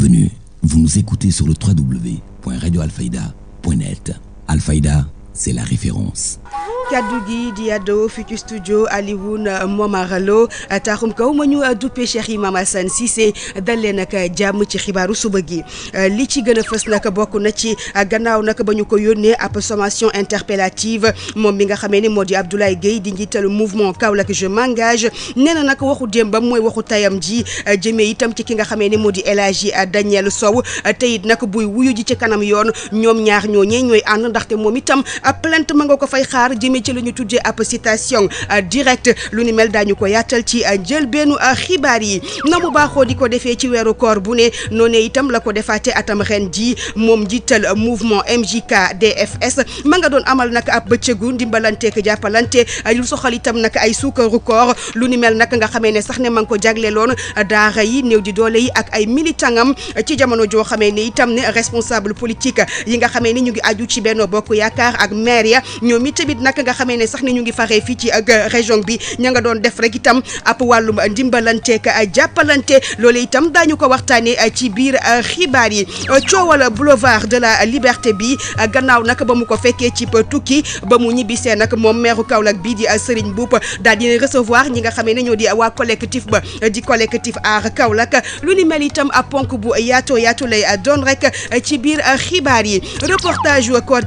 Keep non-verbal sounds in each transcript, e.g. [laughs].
Bienvenue, vous nous écoutez sur le www.radioalfayda.net. Alfayda, c'est la référence. kaddu gi di àddoo fi ci studio Alioune Momar Lo taaxum kaw ma ñu duppee Cheikh Imam si Cissé dalee nag jàmm ci xibaaru suba gi li ci gën a fës nag bokk na ci gannaaw nag ba ñu ko yónnee ab sommation interpellative moom mi nga xamee ni moo di Abdoulaye Gueye di njiital mouvement Kaolack je m'engage nee na nag waxu ba mooy waxu tayam ji jëmee itam ci ki nga xamee ni moo di El Hadji Daniel Sow te it buy wuyu ji ci kanam yoon ñoom ñaar ñooñee ñooy mi ci lu ñu tuddee ab citation euh, directe lu ni mel daañu ko yaatal ci euh, njëlbeenu euh, xibaar yi na mu baaxoo di ko defee ci weeru koor bu ne noonee itam la ko defaatee atam ren ji moom njiital mouvement MJK DFS ma nga doon amal nag ab bëccëgu ndimbalanteeg jàppalante lu soxal itam nag ay suukaru koor lu ni mel nag nga xamee ne sax ne ma nga ko jagleeloon daara yi néew di doole yi ak ay militangam ci jamono joo xamee ne itam ne responsable politique yi nga xamee ne ñu ngi ci Benno Bokk Yaakaar nga xamee ne sax ne ñu ngi faree fii ci ak euh, région bi ñu nga doon def rek itam ab wàllum ndimbalante ak euh, jàppalante loolu itam daañu ko waxtaanee euh, ci biir xibaar yi coowal boulevard de la liberté bi gannaaw nag ba mu ko fekkee ci tukki ba mu ñibbisee nag moom meexu Kaolack bii di Serigne Mboup daal dina recevoir ñi nga xamee ne ñoo di waa collectif ba di collectif aar Kaolack lu ni mel itam a ponk bu yaatoo yaatu lay doon rek ci biir xibaar yi reportage koor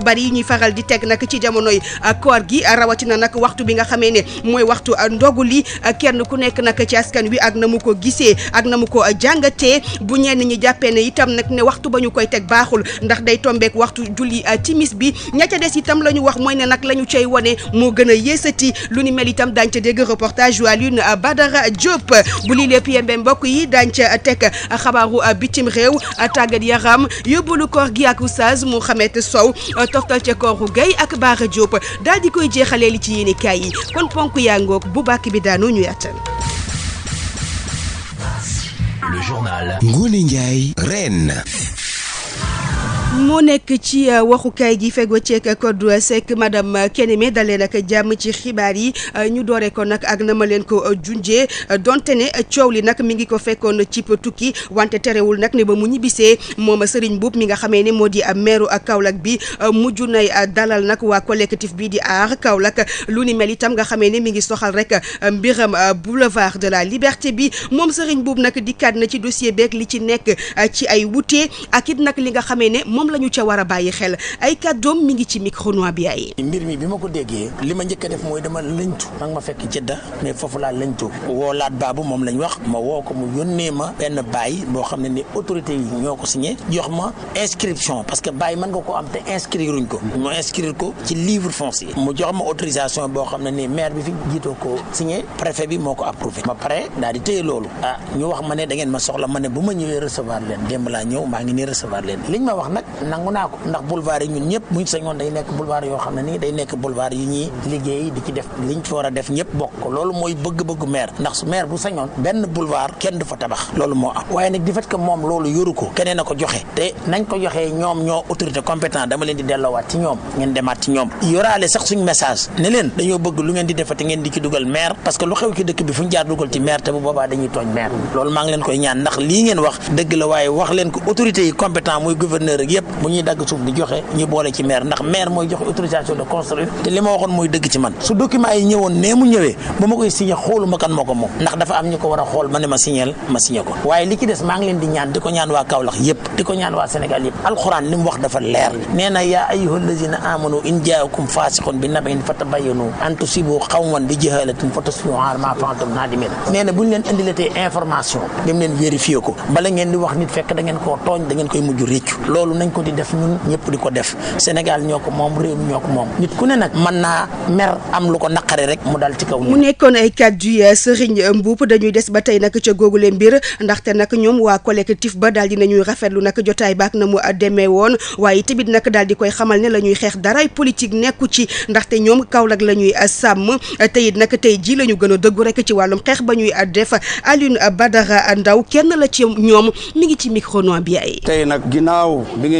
yu bari yi ñuy faral di teg nag ci jamonoy ah, koor gi ah, rawatina nag waxtu bi nga xamee ne mooy waxtu ah, ndogu li kenn ku nekk nag ci askan wi ak na mu ko gisee ak na mu ko jàngatee bu ñenn ñi jàppee ne itam nag ne waxtu ba ñu koy teg baaxul ndax day tombeek waxtu julli timis bi ña ca des itam la ñu wax mooy ne nag la ñu cay wane moo gën a yéesati lu ni mel itam daañu ca dégg reportage Alioune Badara Diop bu lii lépp yembe mbokk yi daañu ca teg xabaaru bitim réew tàggat yaram yóbbalu koor gi ak oustaz Mouhamed Sow toftal ca kooru gay ak baax Diop daal di koy jeexalee li ci yéenekaay yi kon ponk yaa ngoog bu bàkk bi daanoo ñu yàttal. Le journal Ngoné Ndiaye moo nekk ci euh, waxukaay gi fego ceek Codou Seck madame Keneme dalee nag jàmm ci xibaar yi euh, ñu doore ko nag ak na ma leen ko euh, junjee donte ne coow li nag mi ngi ko fekkoon ci tukki wante terewul nag ni ba mu ñibbisee moom Serigne Boub mi nga xamee ne moo di ak Kaolack bi mujj nay dalal nag waa collectif bi di aar Kaolack lu ni mel itam nga xamee ne mi ngi soxal rek mbiram boulevard de la liberté bi moom sëriñ Boub nag dikkaat na ci dossier beeg li ci nekk ci ay wute li nga xamee moom la ca war a bàyyi xel ay kàddoom mi ngi ci micro noir bi ay mbir mi bi ma ko déggee li ma njëkk a def mooy dama lëñtu maa ma fekk jëdda mais foofu laa lëñtu woo baabu moom lañ wax ma woo ko mu yónnee ma benn baay boo xam ne ni autorité yi ñoo ko signé jox ma inscription parce que baay mën nga ko am te uñ ko ñu inscrire ko ci livre foncier mu jox ma autorisation boo xam ne ni maire bi jiitoo ko signé préfet bi moo ko approuvé ma pare daal di téye loolu ah ñu wax ma ne da ngeen ma soxla ma ne bu ma ñëwee recevoir leen démb laa ñëw maa ngi nii recevoir leen liñ ma wax nag nangu naa ko ndax boulevard yi ñun ñëpp buñ sañoon day nekk boulevard yoo xam liggéey di ci def liñ fi war a def ñëpp bokk loolu mooy bëgg-bëggu maire ndax maire bu sañoon benn boulevard kenn du fa tabax loolu moo am waaye nag di fait que moom loolu yoru ko keneen na ko joxe te nañ ko joxee ñoom ñoo autorité compétent dama leen di delloowaat ci ñoom ñoo demaat ci ñoom yoraale sax suñ message ne leen dañoo bëgg lu ngeen di defati ngeen di ci dugal maire parce lu xew ci dëkk bi fu ñu jaar dugal ci maire te bu boobaa dañuy wax dëgg la waaye wax leen yëpp bu ñuy dagg suuf di joxe ñu boole ci maire ndax maire mooy joxe autorisation de construire te li ma waxoon mooy dëgg ci man su document yi ñëwoon nee mu ñëwee ba ma koy signé xooluma kan moo ko moom ndax dafa am li ci des maa ngi leen di ñaan di ko ko mu wax dafa leer nee na yaa ayyuha allazina amanu in jaakum bi nabain fatabayanu an tusibu qawman bi jahalatin fa tusbihu ala ma fa'altum nadimin nee na bu ñu leen indilatee information dem leen vérifier ko bala ngeen di wax nit fekk da ngeen koo tooñ da ngeen koy mujj nañ ko di def ñun ñëpp di ko def Sénégal ñoo ko moom réew mi ñoo ko moom nit ku ne nag man naa mer am lu ko naqare rek mu dal ci kaw. mu nekkoon ay kàddu eh, Serigne Mboup dañuy des ba tey nag ca googule mbir ndaxte nag ñoom waa collectif ba daal di nañuy rafetlu nag jotaay baak na mu demee woon waaye tamit nag daal di koy xamal ne la ñuy xeex daray politique nekku ci ndaxte ñoom Kaolack la ñuy eh, sàmm eh, te nag tey jii la ñu gën a dëggu rek ci wàllum xeex ba ñuy def Alioune Badara Ndaw kenn la ci ñoom mi ngi ci micro noir bi ay. tey nag ginnaaw bi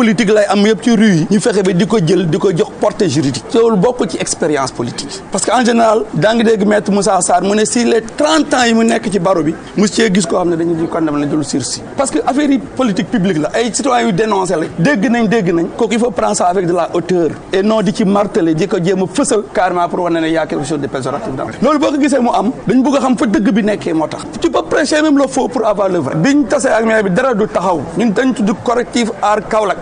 politique lay am yëpp ci rue ñu fexe bi di ko jël di ko jox portée juridique loolu bokk ci expérience politique parce que en général daa dégg maître Moussa Sarr mu ne si les trente ans yi mu nekk ci baro bi mu cee gis koo xam ne dañu di condamné jëlu sursis di ci martelé di ko jéem a fësal pour wane ne y a xam fa dëgg bi nekkee moo tax tu peux prêcher même le faux pour avoir le vrai biñ tasee ak maire bi dara du taxaw ñun dañ tudd correctif aar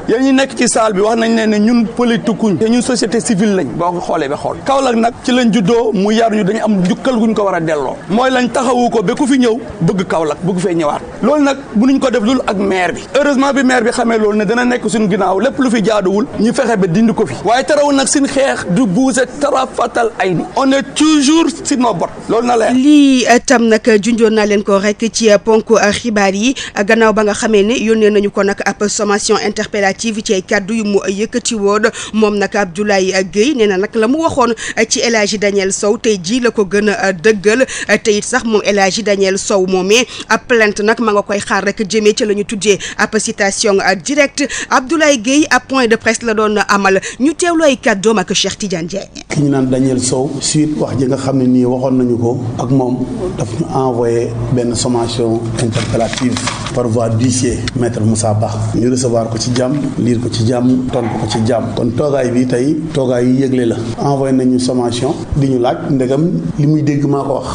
yéen ñu nekk ci saal bi wax nañ leen ne ñun politikuñ te ñu société civile lañ boo ko xoolee ba xool Kaolack nag ci lañ juddoo mu yar ñu dañu am njukkal guñ ko war a delloo mooy lañ taxawu ko ba ku fi ñëw bëgg Kaolack bëgg fee ñëwaat loolu nag bu mënuñ ko def lul ak maire bi heureusement bi maire bi xamee loolu ne dana nekk suñu ginnaaw lépp lu fi jaaduwul ñu fexe ba dindi ko fi waaye tarawul nag suñu xeex du buuse tarafatal ay ni on est toujours si nos bot loolu na leer lii eh, tam nag junjoon naa leen ko rek ci eh, ponk eh, xibaar yi gannaaw ba nga xamee ne yónnee nañu ko nag ab sommation interpellative ci ay kàddu yi mu yëkkati woon moom nag Abdoulaye Guèye nee na nag la mu waxoon ci El Hadji Daniel Sow tey jii la ko gën a dëggal te sax moom El Hadji Daniel Sow moomee ab plainte nag ma nga koy xaar rek jëmee ci la ñu tuddee ab citation directe Abdoulaye géey ab point de presse la doon amal ñu teewlu ay kàddoom ak Cheikh Tidiane Dieng. ki ñu naan Daniel Sow suite wax ji nga xam ne nii waxoon nañu ko ak moom daf ñu envoyé benn sommation interpellative par ñu recevoir ko ci liir ko ci jàmm tontu ko ci jàmm kon toogaay bii tey toogaay yu yëgle la envoyé nañu sommation di ñu laaj ndegam li muy dégg maa ko wax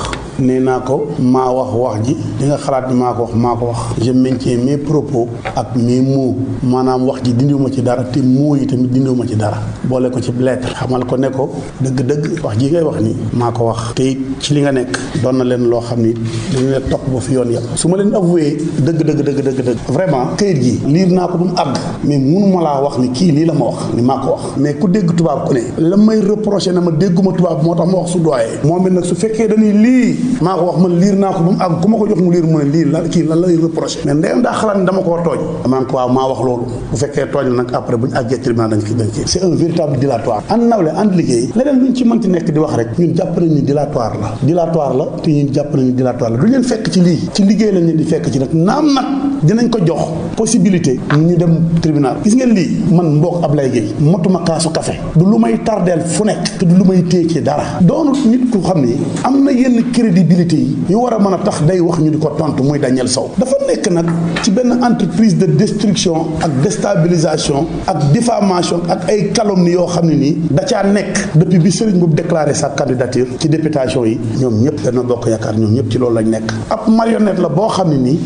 nee naa ko maa wax wax ji li nga xalaat bi maa ko wax maa ko wax je maintiens mes propos ak mes mots maanaam wax ji dindiwuma ci dara te moo yi tamit dindiwuma ci dara boole ko ci lettre xamal ko ne ko dëgg-dëgg wax ji ngay wax ni maa ko wax te ci li nga nekk doon na leen loo xam ni dañu leen topp ba fi yoon yam su ma leen avoué dëgg dëgg dëgg dëgg dëgg vraiment këyit gi lii naa ko ba mu àgg mais munuma laa wax ni kii lii la ma wax ni maa ko wax mais ku dégg tubaab ku la may reproché na ma dégguma tubaab moo tax ma wax su doyee maa ko wax man liir naa ko ba mu àgg ku ma ko jox mu liir mu ne lii lan kii la la reproché mais ndeyam daa xalaat ne dama koo tooñ maa wax loolu bu fekkee tooñ la nag après bu ñu àggee tribunal a ci dañ ci c'est un véritable dilatoire ànd nawle ànd liggéey leneen luñ ci mënti nekk di wax rek ñun jàpp nañ dilatoire la dilatoire la te ñun jàpp nañu ni dilatoire la du leen fekk ci lii ci liggéey lañ leen di fekk ci nag naam nag dinañ ko jox possibilité ñu dem tribunal gis ngeen lii man mboog Ablaye Gueye motuma kaasu kafe du lu may tardeel fu nekk te du lu may téye ci dara doonut nit ku xam ni am na yenn crédibilité yi yu war a mën a tax day wax ñu di ko tontu muy Daniel Sow dafa nekk nag ci benn entreprise de destruction ak déstabilisation ak diffamation ak ay calomnie yoo xam ne nii da caa nekk depuis bi Serigne Mboup déclaré sa candidature ci députation yi ñoom ñëpp dana bokk yaakaar ñoom ñëpp ci loolu lañ nekk ab marionnette la boo xam ne nii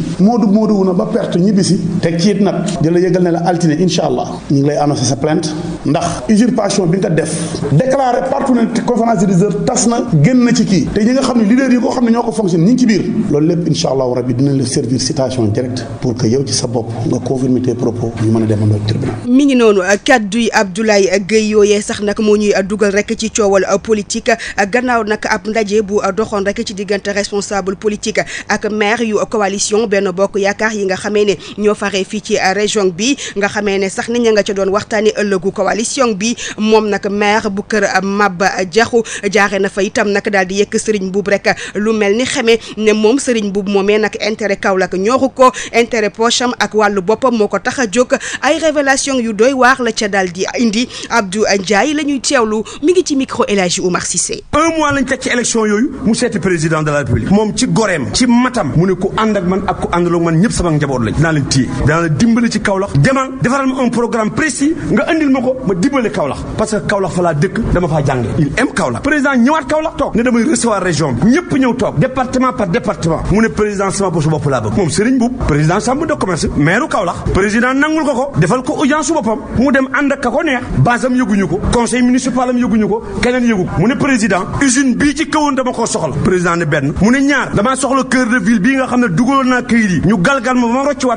perte ñibbisi teg ci it nag di la yëgal ne la altine incha allah ñu ngi lay annoncé sa plainte ndax usurpation bi nga def déclaré partout ne conférence tas na génn na ci kii te ñi nga xam ne leaders yi koo xam ne ñoo ko fonctionné ñi ngi ci biir loolu lépp incha allahu rabbi dinañ la servir citation directe pour que yow ci sa bopp nga confirmer tes propos ñu mën a demandoo tribunal mi ngi noonu kaddu yi Abdoulaye Gueye yooyee sax nag moo ñuy dugal rek ci coowal waxee fii ci région bi nga xamee ne sax nit ña nga ca doon waxtaanee ëllëgu coalition bi moom nag maire bu kër Maba Diakhou jaaxee na fa itam naka daal di yëkk sëriñ Boub rek lu mel ni xamee ne moom sëriñ Serigne Boub moomee nag intérêt Kaolack ñooxu ko intérêt poche am ak wàll boppam moo ko tax a jóg ay révélation yu doy waax la ca daal di indi Abdou Ndiaye la ñuy teewlu mu ngi ci micro El Hadji Oumar Cissé. un mois lañ teg ci élection yooyu mu seeti président de la république moom ci goreem matam mu ne ànd ak man ak ku àndaloo man ñëpp sama njaboot lañ dana la ci Kaolack demal defaral ma un programme précis nga andil ma ko ma dimbali Kaolack parce que Kaolack fa dëkk dama faa jànge il aime Kaolack président ñëwaat Kaolack toog ne dama koo soxla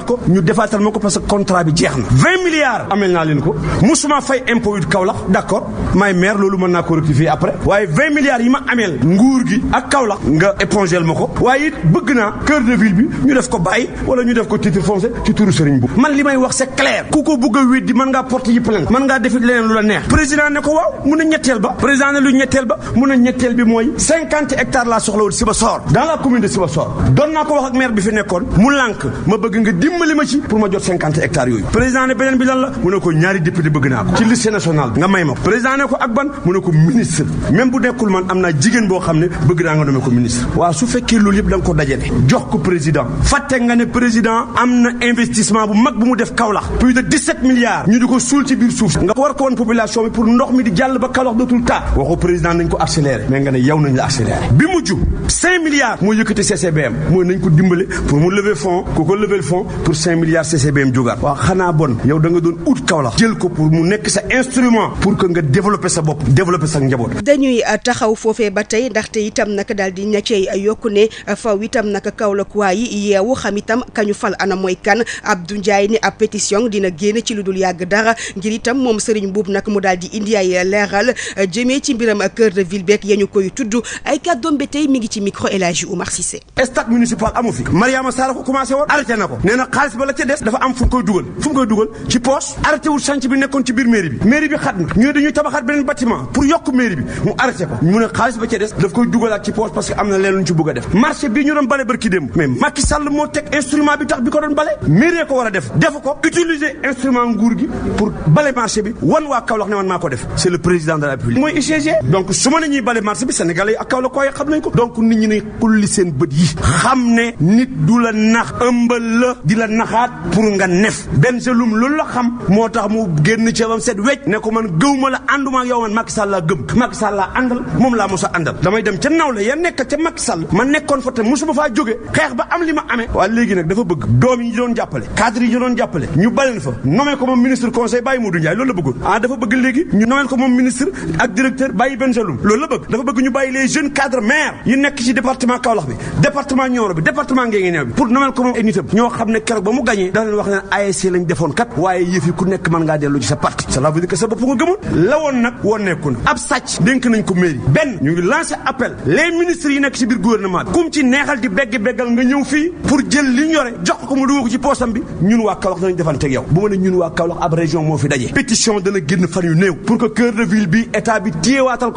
ko defaatal ma ko parce que contrat bi jeex na. 20 milliards amel naa leen ko musuma fay impôt yu Kaolack d' accord may maire loolu mën naa ko après waaye 20 milliards yi ma ameel nguur gi ak Kaolack nga épongel ma ko waaye it bëgg naa cœur de bi ñu def ko bàyyi wala ñu def ko titre foncier ci turu Serigne man li may wax c' est ku ko bëgg a weddi mën ngaa porte yi plainte mën ngaa def leneen lu la neex président ne ko waaw mu pour ma jot cinquante hectares yooyu président ne beneen bi lan la mu ne ko ñaari député bëgg naa ko ci liste nationale nga may ma président ne ko ak ban mu ne ko ministre même bu nekkul man am naa jigéen boo xam ne bëgg naa nga nommé ko ministre waaw su fekkee loolu yëpp ko dajale jox ko président fàtte nga ne président am na investissement bu mag bu mu def Kaolack plus de 17 milliards ñu di ko suul ci biir suuf nga war ko woon population bi pour ndox mi di milliards CCBM xanaa bon yow da nga doon ut Kaolack jël ko pour mu nekk sa instrument pour que nga développer sa bopp développer sa njaboot. dañuy euh, taxaw foofee ba tey ndaxte itam naka daal di ña cey euh, yokku ne euh, faw itam nag Kaolack waa yi yeewu xam itam kañu fal ana mooy kan Abdou Ndiaye ne ab pétition dina génn ci lu dul yàgg dara ngir itam moom Serigne Mbuub nag mu daal di indi ay leeral jëmee ci mbiram cœur de ville beeg ya koy tudd ay kàddoom bi tey mu ngi ci micro El Hadji Oumar Cissé. stade ca des dafa am fu koy dugal fu koy dugal ci poos arrêté wul chantier bi nekkoon ci biir mairie bi mairie bi xat na ñooy tabaxaat beneen bâtiment pour yokk mairie bi mu arrêté ko mu ne xaalis ba ca des daf koy dugalaat ci poos parce que am na leen lu ñu ci bëgg def marché bii ñu doon bale barki démb mais Macky Sall moo teg instrument bi tax bi ko doon bale mairie ko war a def defu ko utiliser instrument nguur gi pour bale marché bi ak pour nga nef Bengelloune loolu la xam moo tax mu génn ca bam wecc ne ko man gëw la ànduma yow man Macky laa gëm Macky laa àndal moom laa mos a àndal damay dem ca naw ya nekk ca Macky ma nekkoon fa te mosuma faa jóge xeex ba am li ma amee waaye léegi nag dafa bëgg doom yi doon jàppale cadre yi doon jàppale ñu baleen fa nommé ko moom ministre conseil bàyyi Modou Ndiaye loolu ah, loolu la bëgg dafa bëgg ñu bàyyi les jeunes cadres maires yi nekk gagné dana leen wax ne ASC lañ defoon kat waaye yëf yi ku nekk mën ngaa dellu sa parti cela veut sa bopp nga gëmul la nag woon nekku na ab sàcc dénk nañ ko mairie benn ñu ngi appel les ministres yi nekk ci biir gouvernement bi kum ci neexal di begg-beggal nga ñëw fii pour jël li yore jox ko mu dugal ko ci poosam bi ñun waa Kaolack danañ defanteeg yow bu ma ne ñun waa Kaolack ab région moo fi daje pétition dana génn fan yu néew pour ko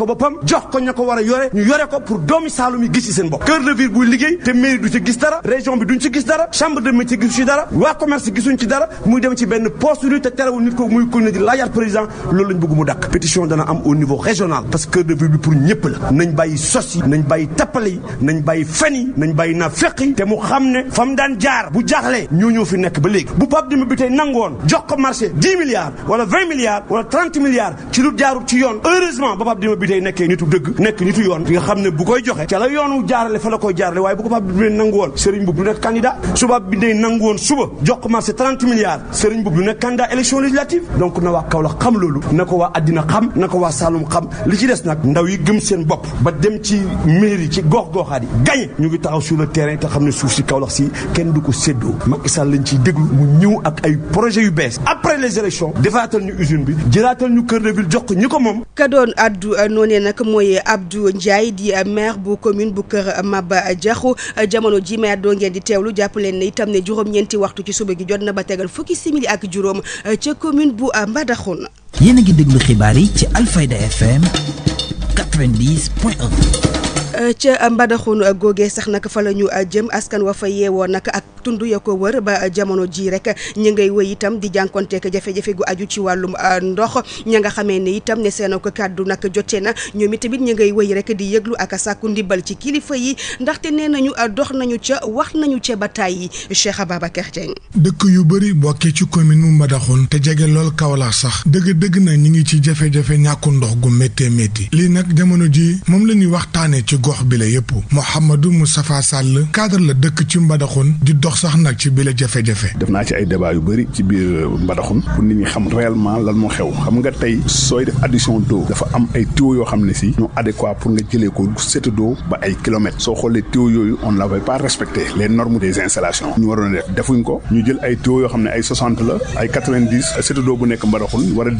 boppam jox waa commerce gisuñ ci dara muy dem ci benn poste lu te terewul nit ko muy kon di laajaat président loolu lañ bëgg mu dakk pétition dana am au niveau régional parce que de bi pour ñëpp la nañ bàyyi sos yi nañ bàyyi tappale yi nañ bàyyi fen nañ bàyyi na feq yi te mu xam ne fa mu daan jaar bu jaaxlee ñoo ñoo fi nekk ba léegi bu Pape Demba bi tey nangoon jox ko marché 10 milliards wala 20 milliards wala 30 milliards ci lu jaarul ci yoon heureusement ba Pape Demba bi tey nekkee nitu dëgg nekk nitu joxe ca yoonu jaarale la ko Pape Demba bi nangu woon sëriñ bu du jox ko marché 30 milliards Serigne Boubou nekk candidat élection législative donc na waa Kaolack xam loolu na ko waa àddina xam na ko waa Saloum xam li ci des nag ndaw yi gëm seen bopp ba dem ci mairie ci gox goxaat yi gañe ñu ngi taxaw sur le terrain te xam ne suuf si Kaolack si kenn du ko séddoo Macky Sall lañ ciy déglu mu ñëw ak ay projet yu bees après les élections defaatal ñu usine bi jëlaatal ñu cœur de jox ko ñi ko moom ka doon addu euh, noonee nag mooy Abdou di euh, maire bu commune bu Kër Maba Diakhou euh, jamono ji maire doo ngeen di teewlu jàpp leen ne itam ne juróom-ñeenti waxtu ci suba gi jot na ba tegal fukki simili ak juróom eh, ca commune bu eh, Mbadakhoune. yéen a ngi déglu xibaar yi ci Alfayda FM 90 Euh, ca euh, mbadaxun euh, googee sax nag fa la ñu jëm askan wa fa yeewoo nag ak tund ya ko wër ba jamono ji rek ñu ngay wëy itam di jànkoonteek jafe-jafe gu aju ci wàllum ndox ña nga xamee ne itam ne seen ko kàddu nag jote na ñoom itamit ñi ngay wëy rek di yëglu ak sàkku ndimbal ci kilifa yi ndaxte nee nañu dox nañu ca wax nañu ca bataay yi Cheikh Ababacar Dieng dëkk yu bëri bokkee ci commune mu mbadaxun te jege lool Kaolack sax dëgg-dëgg na ñu ngi ci jafe-jafe ñàkku ndox gu méttee métti lii nag jamono ji moom la ñuy waxtaanee ci gox bi la yépp Mouhamadou Moustapha Sall cadre la dëkk ci Mbadakhoune di dox sax nag ci bi jafe-jafe def naa ci ay débat yu bëri ci biir Mbadakhoune pour nit ñi xam réellement lan moo xew xam nga tey sooy def adduction d'eau dafa am ay tuyaux yoo xam ne si ñoo adéquat pour nga jëlee ko cette d'eau ba ay kilomètres soo xoolee tuyaux yooyu on n'avait pas respecté les normes des installations ñu waroon a def defuñ ko ñu jël ay tuyaux yoo xam ne ay 60 la ay bu nekk Mbadakhoune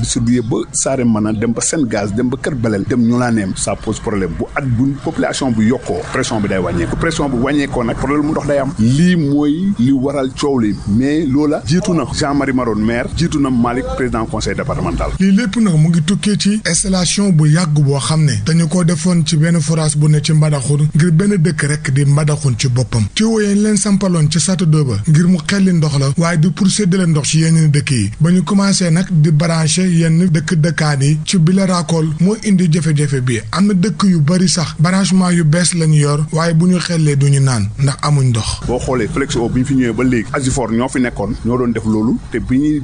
inflation bu yokkoo pression bi day wàññeeku pression bu wàññeekoo nag problème mu ndox day am lii mooy li waral coow li mais loola jiitu na Jean Marie Maron maire jiitu na Malick président conseil départemental lii lépp nag mu ngi tukkee ci installation bu yàgg boo xam ne dañu ko defoon ci benn forage bu ne ci Mbadaxun ngir benn dëkk rek di Mbadaxun ci boppam tuyau yi leen sampaloon ca Satadoba ba ngir mu xelli ndox la waaye di pour séddale ndox ci yeneen dëkk yi ba ñu commencé nag di branché yenn dëkk dëkkaan yi ci bi la raakool moo indi jafe-jafe bi am na dëkk yu bari sax équipement yu bees lañu yor waaye bu ñu xellee duñu naan ndax amuñ ndox boo xoolee Flexo bi ñu fi ñëwee ba léegi Asifor ñoo fi nekkoon ñoo doon def loolu te bi ñuy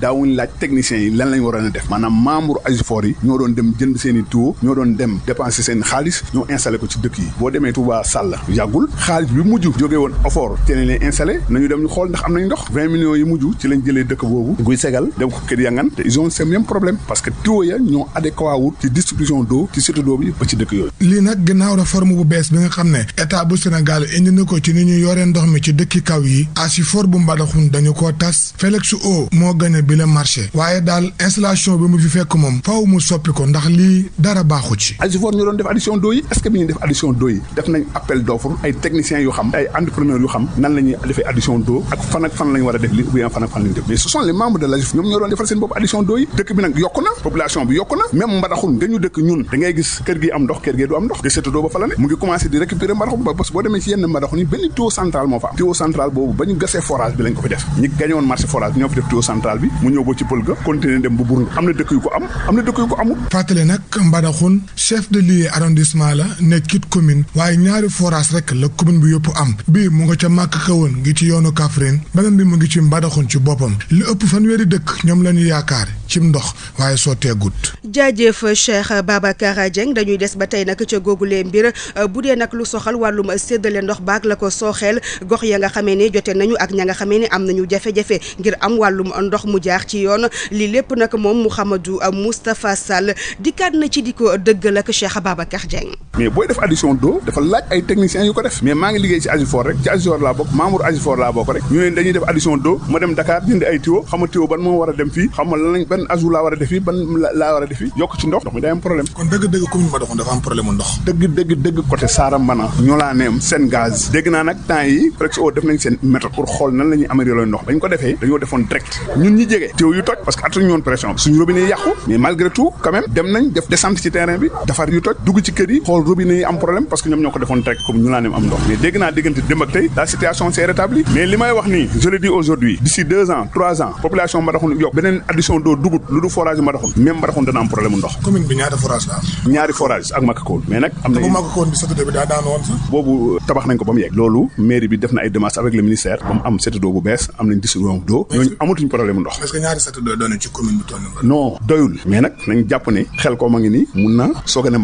daawuñ laaj techniciens yi lan lañ waroon a def maanaam membre Asifor yi ñoo doon dem jënd seen i ñoo doon dem dépenser seen xaalis ñoo installé ko ci dëkk yi boo demee Touba Sall yàggul xaalis bi mujj jógee woon Ofor te ne leen installé nañu dem ñu xool ndax am nañ ndox vingt millions yi mujj ci lañ jëlee dëkk boobu guy segal dem ko kër yangan te ils ont ce problème parce que tuyaux ya ñoo adéquat wut ci distribution d'eau ci surtout d'eau bi ba ci dëkk yooyu nag ginnaaw réforme bu bees bi nga xam ne état bu Sénégal indi na ko ci ni ñu yoree ndox mi ci dëkki kaw yi Asifor bu Mbadakhoune dañu koo tas Félix O moo gagné bi la marché waaye daal installation bi mu fi fekk moom faaw soppi ko ndax lii dara baaxu ci. Asifor ñu doon def addition d'eau yi est-ce que bi ñuy def addition d'eau yi def nañ appel d'offre ay techniciens yu xam ay entrepreneurs yu xam nan la ñuy defee addition d'eau ak fan ak fan lañ war a def li ou bien ndox di sétadoo ba fa la ne mu ngi commencé di récupérer mbaraxu ba parce que boo demee ci yenn mbaraxu ni benn tuyau central moo fa am tuyau central boobu ba ñu gasee forage bi lañ ko fi def mu ñëw ba ci pël ga continuer dem bu Burunda am na dëkk yu ko am am na dëkk yu ko amul fàttali nag Mbadakhoune chef de lieu arrondissement la nekkit commune waaye ñaari forage rek la commune bi yëpp am bii mu nga ca màkk kawoon ngi ci yoonu Kaffrine beneen bi mu ngi ci Mbadakhoune ci boppam li ëpp googulee mbir euh, bu dee nag lu soxal wàllum séddale ndox baag la ko sooxeel gox ya nga xamee ne jote nañu ak ña nga xamee ne am na ñu jafe-jafe ngir am wàllum ndox mu jaax ci yoon li lépp nag moom Mouhamadou euh, ci di ko laa bokk membre Agifor laa bokk rek ñu ne dañuy def addition d'eau ma dem Dakar jënd ay tuyau xam nga tuyau ban moo war a dem fii xam nga lan lañ ban ajout laa war a def fii laa war a def fii yokk ci ndox ndox mi day am problème kon dëgg-dëgg commune Madoxone dafa dëgg dëgg dëgg côté Saarambana ñolaaneem seen gaz dégg naa nag temps yi Flexo def nañ seen méthode pour xool nan la ndox bañ ko defee dañoo defoon direct ñun ñi jege teew yu toj parce que attuñu woon pression bi suñu robinet yi yàqu mais ci terrain bi defar yu toj dugg ci kër yi xool robinet yi am problème parce que ñoom ñoo ko defoon direct comme ñolaaneem am ndox mais dégg naa diggante démb tey la situation s'est rétablie mais li may wax nii je le dis aujourd'hui d'ici deux ans trois ans population Mbadakhoune yokk beneen addition mais nag am na bu màgg koon bi satudoo bi daa daan woon sax boobu tabax nañ ko ba mu yegg loolu mairie bi def na ay démarches avec le ministère ba mu am satudoo bu bees am nañ distribution na soogane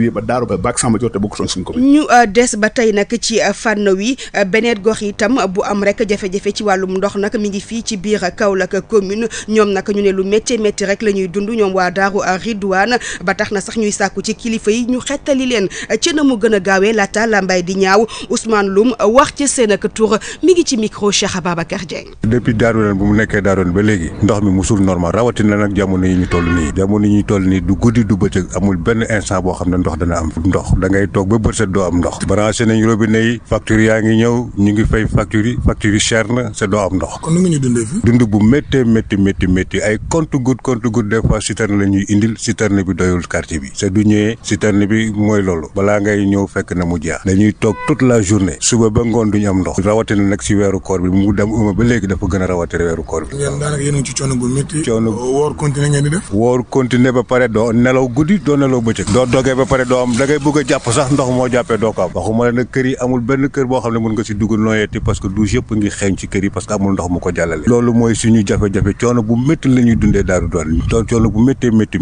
ngi ba daaru ba baak samba jotte bokkutoon suñ commune ñu euh, des ba tey nag ci euh, fànn wi euh, beneen gox itam bu am rek jafe-jafe ci wàllum ndox nag mi ngi fii ci biir Kaolack commune ñoom nag ñu ne lu métti métti rek la ñuy dund ñoom waa daaru Ridwaan ba tax na sax ñuy sàkku ci kilifa yi ñu xettali leen ci na mu gën a gaawee laata làmbaay di ñaaw Ousmane Loum wax ci seen ak tur mi ngi ci micro Cheikh Ababacar Dieng. depuis Darou Renn bu mu nekkee Darou Renn ba léegi ndox mi musul normal rawatina nag jamono yi ñu toll nii jamono yi ñu toll nii du guddi du bëccëg amul benn instant boo xam ne ndox dana am ndox dangay toog ba bët set doo am ndox branché nañ robinet yi yaa ngi ñëw ñu ngi fay facture yi facture yi na c'est doo am ndox. méttee métti métti ay compte goutte compte goutte des fois citerne indil citerne bi doyul quartier bi c'est du ñëwee citerne bi mooy loolu balaa ngay ñëw fekk na mu dañuy toog toute la journée suba ba ngoon duñu am ndox rawatina nag ci weeru koor bi mu dem uma ba léegi dafa gën a rawatina weeru koor bi coono woor nelaw guddi doo nelaw bëccëg doo dogee ba pare doo am da ngay jàpp sax ndox moo jàppee doo ko am waxuma la kër yi amul benn kër boo jafe-jafe coono bu métti la ñuy dundee daaru doon doon coono bu méttee métti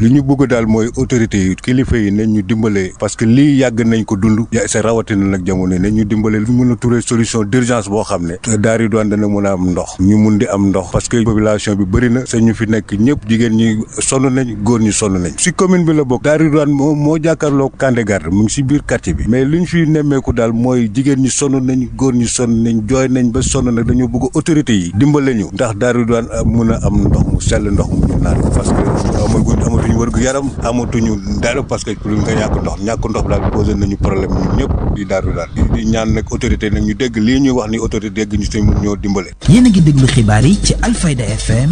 li ñu bëgg daal mooy autorité yi kilifa yi nañ ñu dimbalee parce que lii yàgg nañ ko dund sa rawatina nag jamono nañ ñu dimbalee lu mën a trouver solution d'urgence boo xam ne daaru doon dana mën a am ndox ñu mun di am ndox parce que population bi bëri na sa ñu fi nekk ñëpp jigéen ñi sonn nañ góor ñi sonn nañ si commune bi la bokk daaru doon moo moo jàkkaarloo Kandé Garde mu ngi si biir quartier bi mais liñ fi nemmeeku daal mooy jigéen ñi sonn nañ góor ñi sonn nañ jooy nañ ba sonn nag dañoo bëgg yi dimbale ñu ndax daaru daan ah, mun a am ndox mu sell ndox mu ñu naan parce que ñu ah, amatuñu wërgu yaram amatuñu dara parce que lu nga ñàkk ndox ñàkk ndox daal posé nañu problème ñun ñëpp di daaru daan di ñaan nag autorité nag ñu dégg li ñuy wax ni autorité dégg ñu suñ mun ñoo dimbale yéen a ngi déglu xibaar yi ci Alfayda FM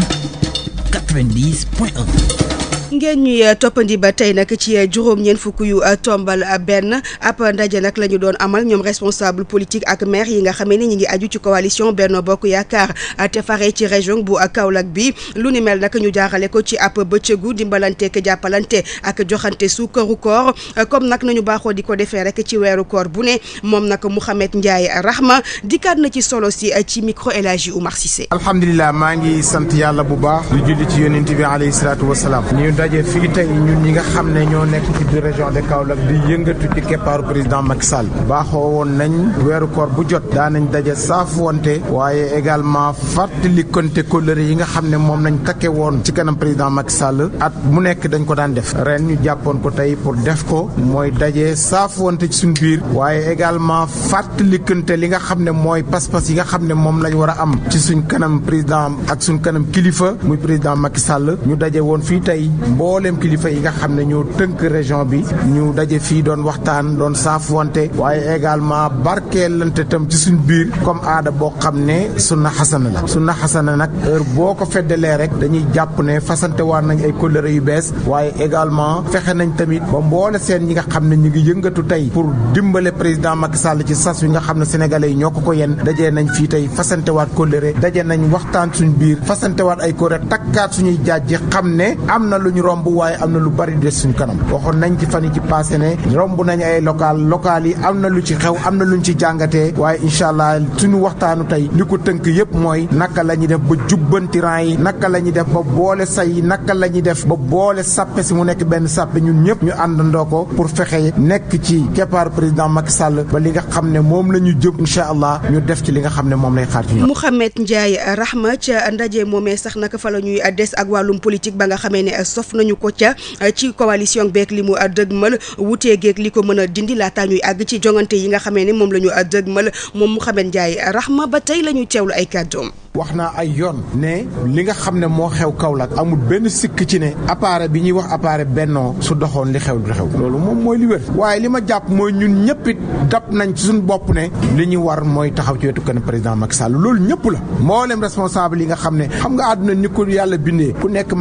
90 point 1 ngeen ñuy euh, toppandi ba tey nag ci euh, juróom ñeen fukk yu euh, tombal benn ab ndaje nag la ñu doon amal ñoom responsable politique ak maire yi nga xamee ni ñi ngi aju ci coalition benn Bokk Yaakaar te fare ci région bu Kaolack bi lu ni mel nag ñu jaarale ko ci ab bëccëgu dimbalante ak jàppalante ak joxante suukaru koor comme nag nañu baaxoo di ko defee rek ci weeru koor bu ne moom nag Mouhamed Ndiaye Rahma dikkaat na ci solo si ci micro El Hadji Oumar Cissé alhamdulilah maa ngi sant yàlla bu baax lu daje fii tey ñun ñi nga xam ne ñoo nekk ci biir région de Kaolack di yëngatu ci keppaaru président Macky Sall baaxoo woon nañ weeru koor bu jot daanañ daje saafuwante waaye également fàttalikante kóllëre yi nga xam ne moom lañ takke woon ci kanam président Macky Sall at mu nekk dañ ko daan def reen ñu jàppoon ko tey pour def ko mooy daje saafuwante ci suñ biir waaye également fàttalikante li nga xam ne mooy pas-pas yi nga xam ne moom lañ war a am ci suñ kanam président ak suñ kanam kilifa muy président Macky Sall ñu daje woon fii tey mboolem kilifa yi nga xam ne ñoo tënk région bi ñu daje fii doon waxtaan doon saafwante waaye également barkeelante tam ci suñ biir comme aada boo xam ne na xasana la sunna xasana nag heure boo ko feddalee rek dañuy jàpp ne fasante waan nañ ay kóllëre yu bees waaye également fexe nañ tamit ba mboole seen ñi nga xam ne ñu ngi yëngatu tey pour dimbale président Macky Sall ci sas yi nga xam ne sénégalais yi ñoo ko ko yenn dajee nañ fii tey fasantewaat kóllëre daje nañ waxtaan suñ biir fasantewaat ay kóllëre takkaat suñuy jaaj xam ne ñu romb waaye am na lu bari des suñ kanam waxoon nañ ci fan yi ci passé ne romb nañ ay local local yi am na lu ci xew am na luñ ci jàngatee waaye incha allah suñu waxtaanu tey li ko tënk yëpp mooy naka la ñuy def ba jubbanti rang yi naka la ñuy def ba boole say naka la ñuy def ba boole sàppe si mu nekk benn sàppe ñun ñëpp ñu àndandoo ko pour fexe nekk ci keppaar président Macky Sall ba li nga xam ne moom la ñu jëm incha allah ñu def ci li nga xam ne moom lay xaar ci ñoom. Mouhamed ca ndaje sax naka fa la ñuy des ak wàllum ba nga xamee def nañu ko ca eh, ci coalition beeg li mu eh, dëgmal wutee geeg li ko mën a dindi laataa ñuy àgg ci jongante yi nga xamee ne moom la ñu eh, dëgmal moom Mouhamed Ndiaye Rahma ba tey la ñu teewlu ay kàddoom. wax naa ay yoon ne li nga xam ne moo xew Kaolack amul benn sikk ci ne appareil bi ñuy wax appareil bennoo su doxoon li xew du xew loolu moom mooy li waaye li ma jàpp mooy ñun ñëpp it dab nañ ci suñu bopp ne li ñu war mooy taxaw ci wetu kanam président Macky Sall loolu ñëpp la mboolem responsable yi nga xam ne xam nga àdduna ni ko yàlla bindee ku nekk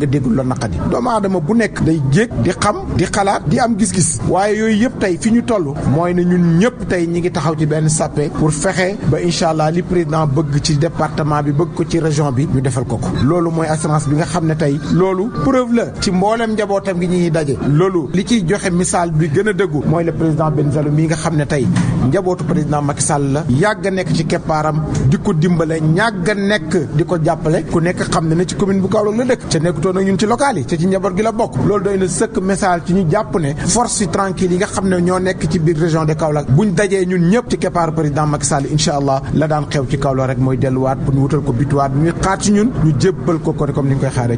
nga déggul la naqadi doomu aadama bu nekk day jéeg di xam di xalaat di am gis-gis waaye yooyu yëpp tey fi ñu toll mooy na ñun ñëpp tey ñi ngi taxaw ci benn sàppe pour fexe ba incha allah li président bëgg ci département bi bëgg ko ci région bi ñu defal ko ko loolu mooy assurance bi nga xam ne tey loolu preuve la ci mboolem njabootam gi ñuy daje loolu li ciy joxe misaal bi gën a dëggu mooy le président benn Saloum mi nga xam ne tey njabootu président Macky Sall la yàgg a nekk ci keppaaram di ko dimbale ñàgg a nekk di ko jàppale ku nekk xam ne ne ci commune bu Kaolack la dëkk bokkutoon ak ñun te ci njaboot gi la bokk loolu doy sëkk message ci ñu jàpp ne force tranquille yi nga xam ne ñoo nekk ci biir région de Kaolack buñ dajee ñun ñëpp ci keppaar président Macky Sall incha allah la daan xew ci Kaolack rek mooy delluwaat pour ñu wutal ko bituwaat bi ñuy xaar ci ñun ñu jébbal ko ko comme ni parti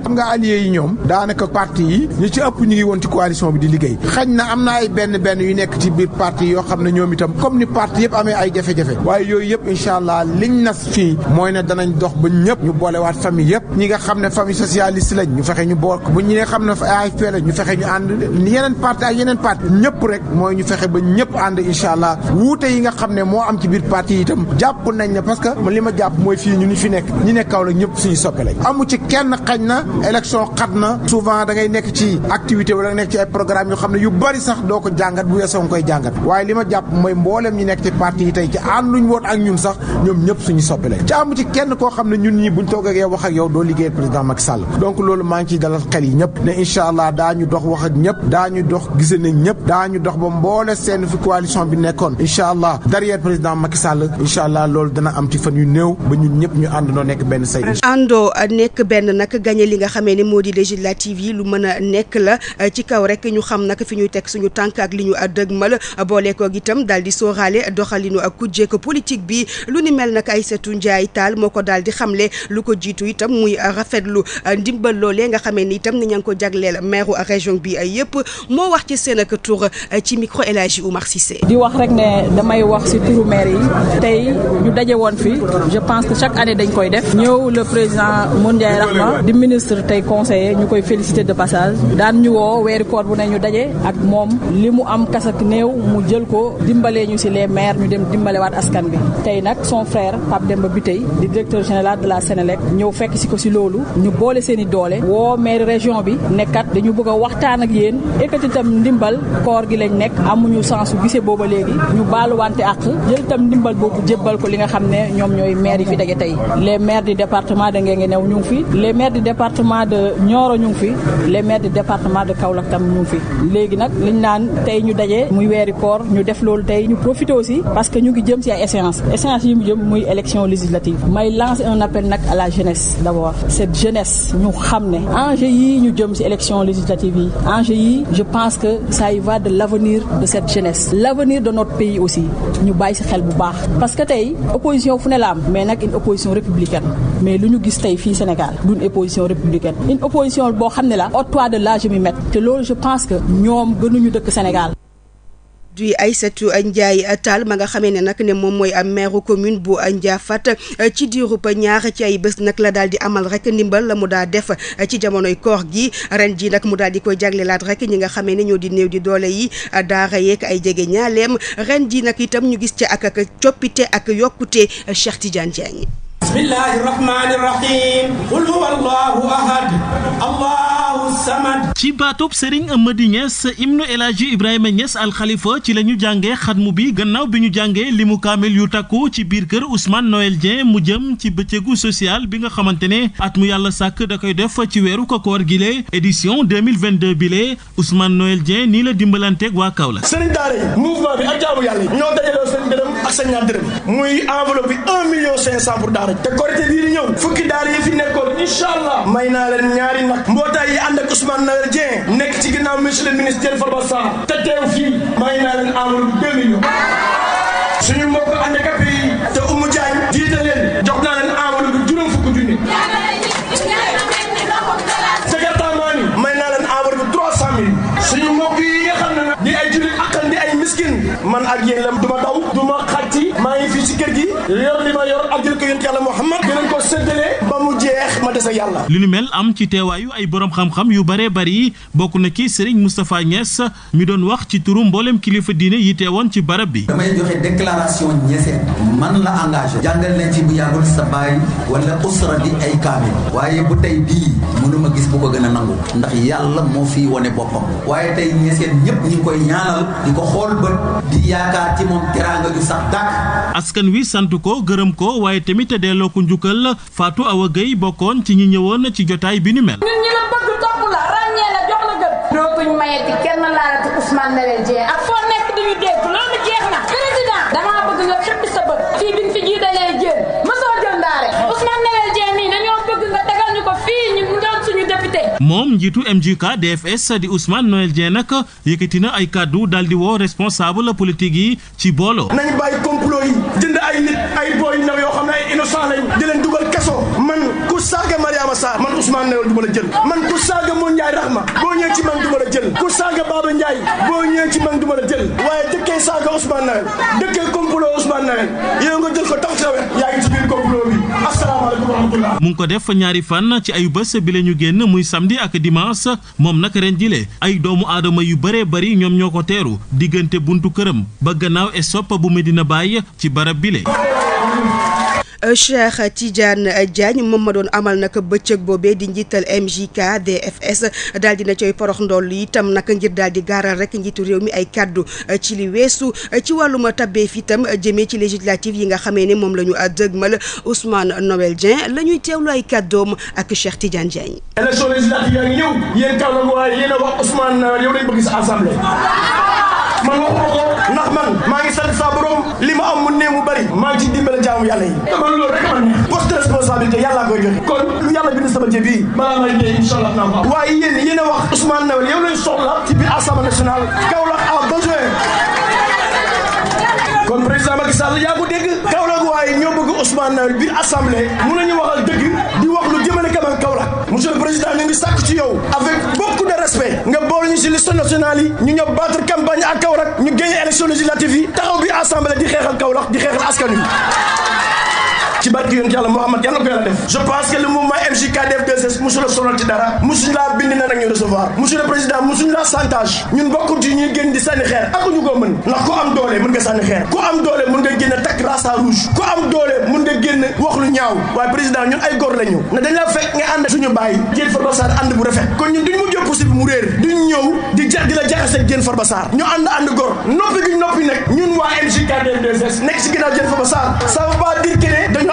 yi am na ay benn benn yu nekk ni parti yëpp amee ay jafe-jafe waaye yooyu yëpp incha allah liñ nas fii mooy ne danañ dox ba ñëpp ñu boolewaat famille yëpp ñi nga xam ne famille socialiste ñu fexe ñu bokk bu ñu ne xam na AFP la ñu fexe ñu ànd yeneen parti ak yeneen parti ñëpp rek mooy ñu fexe ba ñëpp ànd incha allah wuute yi nga xam ne moo am ci biir parti yi itam jàpp nañ ne parce que li ma jàpp mooy fii ñu fi nekk ñi nekk kaw la ñëpp suñu soppe lañ amu ci kenn xañ na élection xat na souvent da ngay nekk ci activité wala nekk ci ay programme yoo xam ne yu bari sax doo ko jàngat bu weesoo nga koy jàngat waaye li ma jàpp mooy mboolem ñu nekk ci parti yi tey ci ànduñ woon ak ñun sax ñoom ñëpp suñu soppe lañ ci amu ci kenn koo xam ne ñun ñi buñ toog ak wax ak yow doo liggéeyal président Macky Sall donc loolu loolu maa ngi ciy dalal xel yi ñëpp ne incha allah daañu dox wax ak ñëpp daañu dox gise nañ ñëpp dox ba mboole seen fi coalition bi nekkoon incha allah derrière président Macky Sall loolu dana am ci fan yu néew ba ñun ñëpp ñu àndandoo nekk benn say. àndoo nekk benn nag gagné li nga xamee ne moo di législative yi lu mën a nekk la ci kaw rek ñu xam nag fi ñuy teg suñu tànk ak li ñu dëgmal boole ko itam daal di sóoraale doxalinu ak kujjeek politique bi lu ni mel nag Aïssatou Ndiaye Tall loolee nga xamee ni itam ni ña ngi ko jagleel maire région bi ay yëpp moo wax ci seen ak tur ci micro El Hadji Oumar Cissé di wax rek ne damay wax si turu maire yi tey ñu daje woon fi je pense que chaque année dañ koy def ñëw le président Moundiaye Rahma di ministre tey conseiller ñu koy féliciter de passage daan ñu woo weeri koor bu ne ñu daje ak moom li mu am kasak néew mu jël ko dimbalee ñu si les maires ñu dem dimbalewaat askan bi tey nag son frère Pape Demba Biteye di directeur général la Sénélec ñëw fekk si ko si loolu ñu boole seen i woo maire région bi nekkat dañu bëgg a waxtaan ak yéen ekkati tam ndimbal koor gi lañ nekk amuñu sens bu gisee booba léegi ñu baaluwante ak jël tam ndimbal boobu jébbal ko li nga xam ne ñoom ñooy maire yi fi daje tey les maires du département de Guinguinéo ñu ngi fi les maires du département de Nioro ñu fi le maires du département de Kaolack tam ñu fi léegi nag liñ naan tey ñu daje muy weeri koor ñu def loolu tey ñu profité aussi parce que ñu ngi jëm si ay échéances mu jëm muy élection législative may la jeunesse d'abord ne enjeu yi ñu jëm ci élection législative yi enjeu yi je pense que ça y va de l'avenir de cette jeunesse l'avenir de notre pays aussi ñu bàyyi ci xel bu baax parce que tey opposition fu ne la am mais nag une opposition républicaine mais lu ñu gis tey fii Sénégal duñ opposition républicaine une opposition boo xam ne la au toit de l'âge mi met te loolu je pense que ñoom gënuñu dëkk Sénégal di Aïssatou Ndiaye Tall ma nga xamee ne nag ne moom mooy am maire commune bu Ndiaffate euh, ci diirub ñaar ci ay bés nag la daal di amal rek ndimbal la mu daa def euh, ci jamonoy koor gi ren ji nag mu daal di koy jagleelaat rek ñi nga xamee ne ñoo di néew di doole yi euh, daara yeeg ay jege ñaaleem ren ji nag itam ñu gis ci ak ak coppite ak yokkute Cheikh Tidiane yi بسم الله الرحمن الرحيم قل هو الله ci baatub Serigne Amady Niass ibnu El Hadji Ibrahima Niass al Khalifa ci lañu ñu jàngee xatmu bi gannaaw bi ñu jàngee limu kaamil yu takku ci biir kër Ousmane noel Dieng mu jëm ci bëccëgu social bi nga xamante ne at mu yàlla sàkk da koy def ci weeru kokoor gi lee édition 2022 bi lee Ousmane Noël Dieng nii la dimbalanteeg waa Kaolack. Serigne Daara yi mouvement bi ak yàlla ñoo sa ñaar dërëm muy enveloppe bi un million cinq cent pour daara te korité bii di ñëw fukki daara yi fi nekkoon incha allah may naa leen ñaari nag mbootaay yi ànd ak Ousmane Noël Dieng nekk ci ginnaaw monsieur le ministre Diène Farba Sarr te teew fii may naa leen enveloppe deux millions suñu mbokk handicapé yi te Oumou Diagne jiite leen jox naa leen enveloppe bi cent juróom fukki junni man ak yéen la duma daw duma xaj yor li ma yor ak jël ko yonent yàlla Muhammad dinañ ko séddale ba mu jeex ma yàlla. li nu mel am ci teewaayu ay borom xam-xam yu bëree bëri bokk na ki Serigne Moustapha Niass mi doon wax ci turu mboolem kilifa diine yi teewoon ci barab bi. damay joxe déclaration ñeseen man la engage jàngal nañ ci bu yàggul sa baay wala usra di ay kaamil. waaye bu tey bii mënuma gis bu ko gën a nangu. ndax yàlla moo fi wone boppam. waaye tey ñeseen ñëpp ñu ngi koy ñaanal di ko xool bët di yaakaar ci moom teraanga ju sax dàkk. askan wi sant ko gërëm ko waaye tamit delloo ko njukkal Fatou Awa bokkoon ci ñi ñëwoon ci jotaay bi ni mel. ñun ñi la bëgg topp la ràññee la jox la gën. dootuñ mayeti kenn laalati Ousmane Ndeye Dieng ak foo nekk duñu dégg loolu jeex na. président damaa bëgg nga xëppi sa bët. fii bi ñu fi ji dalee jéem mosoo jël ndaare. Ousmane Ndeye nii dañoo bëgg nga tegal ñu ko fii ñu doon suñu député. moom njiitu MJK DFS di Ousmane Noël Dieng nag yëkkati ay kàddu daal di woo responsable politique yi ci booloo. saaga Mariama Sarr man Ousmane Nawel du ma la jël man ku saaga Moon Njaay Rahma boo ñëwee ci man du ma la jël ku saaga Baba Njaay boo ñëwee ci man du ma la jël waaye dëkkee saaga Ousmane Nawel dëkkee complot Ousmane Nawel yow nga jël ko tax sa wet yaa ngi ci biir complot bi asalaamaaleykum wa rahmatulah mu ngi ko def ñaari fan ci ayu bés bi la ñu génn muy samedi ak dimanche moom nag ren jile ay doomu aadama yu bëree bëri ñoom ñoo ko teeru diggante buntu këram ba gannaaw esop bu Medina Baye ci barab bile Cheikh Tidiane Diagne moom ma doon amal nag bëccëg boobee di njiital MJK DFS daal di na cay porox ndoll itam nag ngir daal di gaaral rekk njiitu réew mi ay kaddu ci li weesu ci wàllum tabbee fi itam jëmee ci législative yi nga xamee ne moom la ñu dëgmal Ousmane Noël Dieng la ñuy teewlu ay kaddoom ak Cheikh Tidiane Diagne. élection législative yaa ngi waaye yéen wax Ousmane yow bëgg sa assemblée. man waxuma ko ndax man maa ngi sant sa borom li ma am mu néew mu bëri maa ngi ci dimbale jaamu yàlla yi dama loolu rek man poste de responsabilité yàllaa koy joxe kon lu yàlla bind sama jëb yi balaa may dee incha allah naa ko waaye yéen yéen a wax Ousmane Noël yow lañ soxla ci biir assemblée nationale Kaolack a besoin kon président Macky Sall yaa ko dégg Kaolack waaye ñoo bëgg Ousmane Noël biir assemblée mun nañu waxal dëgg di wax lu jëmale kanam Kaolack monsieur président ñu ngi sàkk ci yow avec de respect nga boole ñu si liste nationale yi ñu ñëw battre campagne a Kaolack ñu génne élection législative yi taxaw bi assemblée di xeexal Kaolack di xeexal askan wi ci barki yoon yàlla Mouhamad yàlla ko yàlla def je pense que le mouvement MJKDF2S mosu la sonal ci dara mosuñu laa bind na nag ñu recevoir monsieur le président mosuñu laa chantage ñun bokkul ci ñuy génn di sànni xeer ak ñu ko mën ndax ku am doole mën nga sànni xeer ku am doole mën nga génn takk rasa rouge ku am doole mën nga génn wax lu ñaaw waaye président ñun ay góor la ñu ne la fekk nga ànd suñu bàyyi Diène Farba Sarr ànd bu rafet kon ñun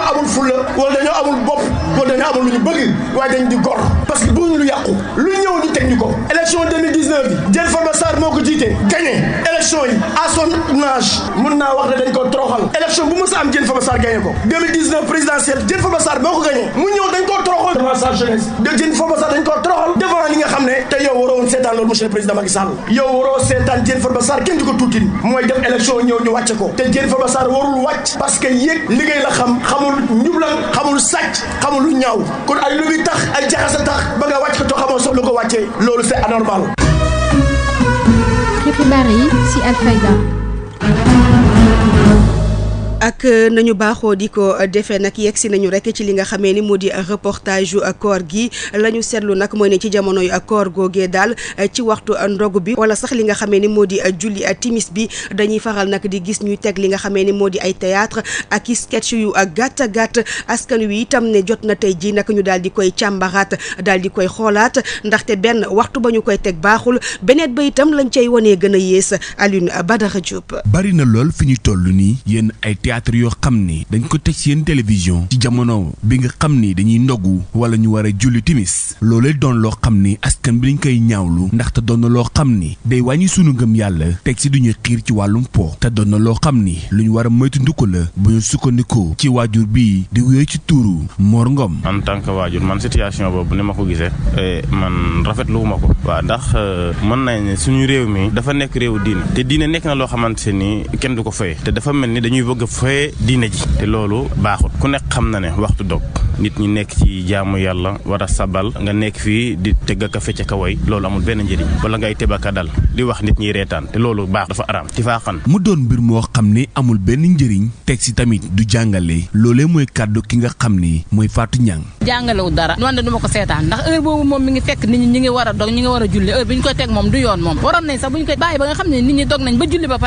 dañoo amul fulla wala dañoo amul bopp wala dañoo amul lu ñu bëgg waaye dañ di gor parce que bëgguñu lu yàqu lu ñëw ñu teg ñu ko élection 2019 bi jël Farba moo ko jiite gagné élection yi à mun naa wax dañ ko troxal élection bu mës a am jël Farba Sarr gagné ko 2019 présidentielle jël Farba moo ko gagné mu ñëw dañ koo troxal devant sa jeunesse de jël dañ koo troxal devant li nga xam ne te yow waroo seetaan loolu monsieur le président xamul njublan xamul sàcc xamul lu kon ay lu bi tax ay jaxasa tax ba nga wàcc ko to xamoo soxla ko wàccee loolu c'est anormal xibaar yi ci Alfayda ak nañu baaxoo di ko defee nag yegg si nañu rek ci li nga xamee ni moo di reportage yu koor gi la ñu seetlu nag mooy ne ci jamono yu koor googee daal ci waxtu ndog bi wala sax li nga xamee ni moo di julli timis bi dañuy faral nag di gis ñuy teg li nga xamee ni moo di ay théâtre ak i sketch yu ak gàtt gàtt askan wi itam ne jot na tey ji nag ñu daal di koy càmbaraat daal di koy xoolaat ndaxte benn waxtu ba ñu koy teg baaxul beneen ba itam lañ cay wanee gën a yées Alioune Badara Diop. bari na lool fi ñu toll nii théâtre yoo xam ni dañ ko teg ci yenn télévision ci jamono bi nga xam ni dañuy ndogu wala ñu war a julli timis loolee doon loo xam ni askan bi dañ koy ñaawlu te doon na loo xam ni day wàññi sunu ngëm yàlla teg ci duñu xiir ci wàllum po te doon na loo xam ni lu ñu war a moytu la bu ñu sukkandikoo ci waajur bi di wéy ci tuuru Mor Ngom. en tant que waajur man situation boobu ni ma ko gisee eh, man rafetlu ma ko. waaw ndax euh, mën nañ suñu réew mi dafa nekk réew fee diine ji te loolu baaxut ku nekk xam na ne waxtu dog nit ñi nekk ci jaamu yàlla war a sabal nga nekk fii di tëgg ak a fecc ka way loolu amul benn njëriñ wala ngay tebaka dal di wax nit ñi reetaan te loolu baax dafa araam ci faaxan mu doon mbir moo xam ni amul benn njëriñ teg si tamit du jàngale loolee mooy kàddu ki nga xam ne mooy Fatou Niang jàngalewul dara noonu de du ma ko seetaan ndax heure boobu moom mi ngi fekk nit ñi ñi ngi war a dog ñi war a julli heure bi ñu koy moom du yoon moom waroon nañ sax bu xam ne nit ñi dog nañ ba julli ba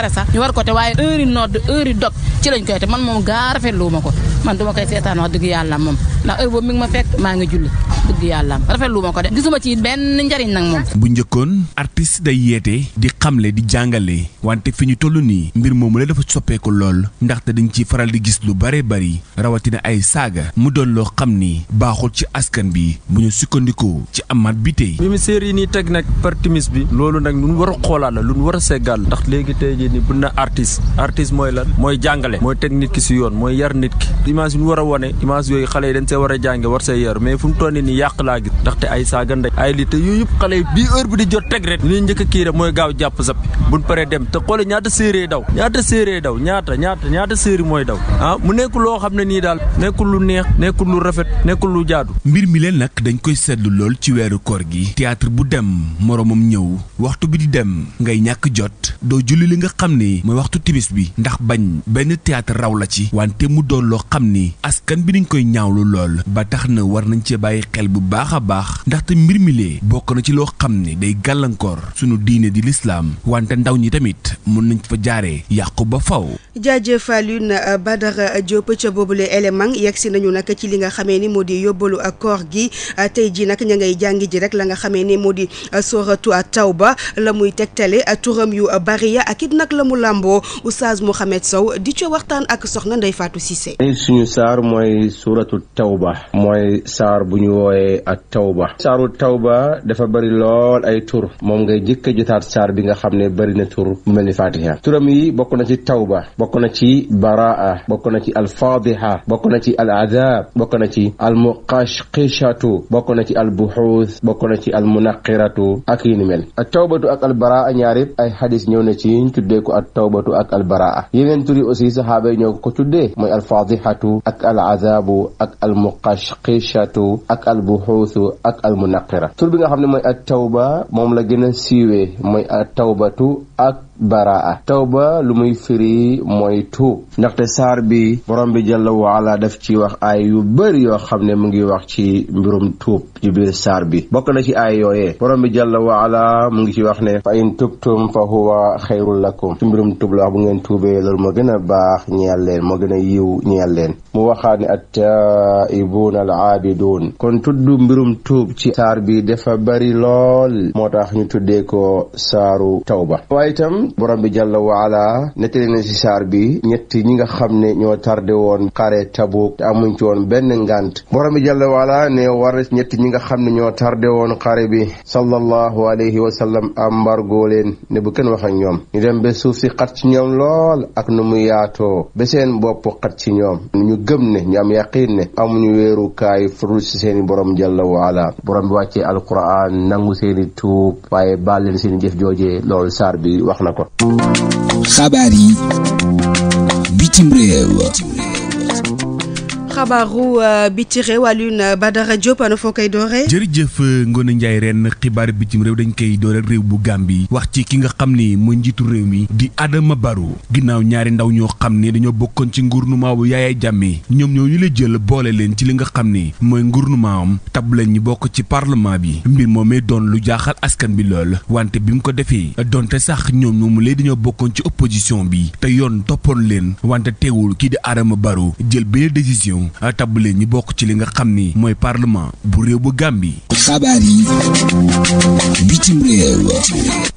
lañ koy te man moom gaa rafetlu ma ko man duma koy seetaan wax dëgg yàlla moom ndax heure boobu ma maa ngi julli wax dëgg yàlla rafetlu ma ko de gisuma ci benn njariñ nag moom. bu njëkkoon artiste day yeete di xamle di jàngale wante fi ñu toll nii mbir moomu la dafa soppeeku lool ndaxte dañ ciy faral di gis lu bare bari rawatina ay saaga mu doon loo xam ni baaxul ci askan bi bu ñu sukkandikoo ci amaat bi tey. ministère yi nii teg nag par timis bi loolu nag lu ñu war a xoolaat la lu ñu war a seggaal ndax léegi tey jii nii bu na artiste artiste mooy lan mooy jàngale mooy teg yoon mooy yar nit ki image yi ñu a wane image yooyu xale dañ war a jànge war see ñi yàq laa gis ndaxte ay saaga ndey ay lii te yooyu yëpp xale yi bii heure bi di jot teg rek li ñuy njëkk a kii mooy gaaw jàpp sappi buñ paree dem te xoole ñaata séeréer daw ñaata ñaata ñaata séeri mooy daw ah mu nekk loo xam ne nii daal nekkul lu neex nekkul lu rafet nekkul lu jaadu mbir mi leen nag dañ koy seetlu lool ci weeru koor gi théâtre bu dem moroomam ñëw waxtu bi di dem ngay ñàkk jot doo julli li nga xam ne mooy waxtu timis bi ndax bañ benn théâtre raw la ci wante mu doon loo xam ni askan bi dañ koy ñaawlu lool xel bu baax a baax ndaxte mbir mi lee bokk na ci loo xam ne day gàllankoor suñu diine di lislaam wante ndaw ñi tamit mun nañ fa jaaree yàqu ba faw jaajëf Alioune euh, Badara euh, Diop ca boobule élément yegg si nañu nag ci li nga xamee ni moo di yóbbalu euh, koor gi tey ji nag ña ngay jàngi ji rek la nga xamee ni moo di sooratu ba la muy tegtale turam yu bari ya ak it nag la mu làmboo Oustaz Mouhamed Sow di ca waxtaan ak soxna Ndeye faatu Cissé suñu saar mooy suuratu tawba wooye ak tawba saaru tawba dafa bëri lool ay tur moom ngay jëkk a jotaat saar bi nga xam ne bari na tur bu mel ni fatiha turam yi bokk na ci tawba bokk na ci baraa bokk na ci alfaadiha bokk na ci al adab bokk na ci al almuqashqishatu bokk na ci albuxuus bokk na ci almunaqiratu ak yi ni mel ak al ak albaraa ñaarib ay xadis ñëw na ci ñu tuddee ko ak tawbatu ak albaraa yeneen turi aussi saxaaba yi ñoo ko tuddee mooy alfaadihatu ak al azabu ak almuqashqishatu ak al bu albuxuusu ak almunaqira tur bi nga xam ne mooy at tawba moom la gën a siiwee mooy at tawbatu ak baraa tawba lu muy firi mooy tuub ndaxte saar bi borom bi jalla waala daf ci wax aay yu bëri yoo xam ne mu ngi wax ci mbirum tuub ci biir saar bi bokk na ci aay yooyee borom bi jalla waala mu ngi ci wax ne fa in tubtum fa huwa xayrul lakum ci mbirum tuub la wax bu ngeen tuubee loolu moo gën a baax ñeel leen moo gën a yiw ñeel leen mu waxaat ne attaibuun al aabiduun kon tudd mbirum tuub ci saar bi dafa bari lool moo tax ñu tuddee ko saaru tawba waaye itam borom bi jalla waala nettali na ci saar bi ñetti ñi nga xam ne ñoo tardé woon xare Tabuk te amuñ ci woon benn ngànt borom bi jalla waala ne war ñetti ñi nga xam ne ñoo tardé woon xare bi sallallahu alayhi wa sallam ambargo leen ne bu kenn wax ak ñoom ñu dem ba suuf si xat ci ñoom lool ak nu mu yaatoo ba seen bopp xat ci ñoom ñu gëm ne ñu am yaqiin ne amuñu wéerukaay furul ci seeni borom jalla waala borom bi wàccee alquran nangu seeni tuub waaye baal leen seeni jëf joojee loolu bi wax na ko. xabaar yi bitim xabaaru euh, bitim réew Alioune Badara Diop ana foo koy dooree. jërëjëf Ngone Ndiaye ren xibaar bitim réew dañu koy dooreel réew bu bi wax ci ki nga xam ni mu njiitu réew mi di Adama Barrow ginnaaw ñaari ndaw ñoo xam ni dañoo bokkoon ci ngurnement bu Yaya Jammeh ñoom ñoo ñu la jël boole leen ci li nga xam ni mooy ngurnement am tab leen bokk ci parlement bi mbir moomee doon lu jaaxal askan bi lool wante bi mu ko defee donte sax ñoom ñoom léegi dañoo bokkoon ci opposition bi te yoon toppoon leen wante teewul kii di Adama Barrow jël benn décision ñoom tabb leen ñi bokk ci li nga xam ni mooy parlement bu réew bu Gàmbi xabaar yi bitim réew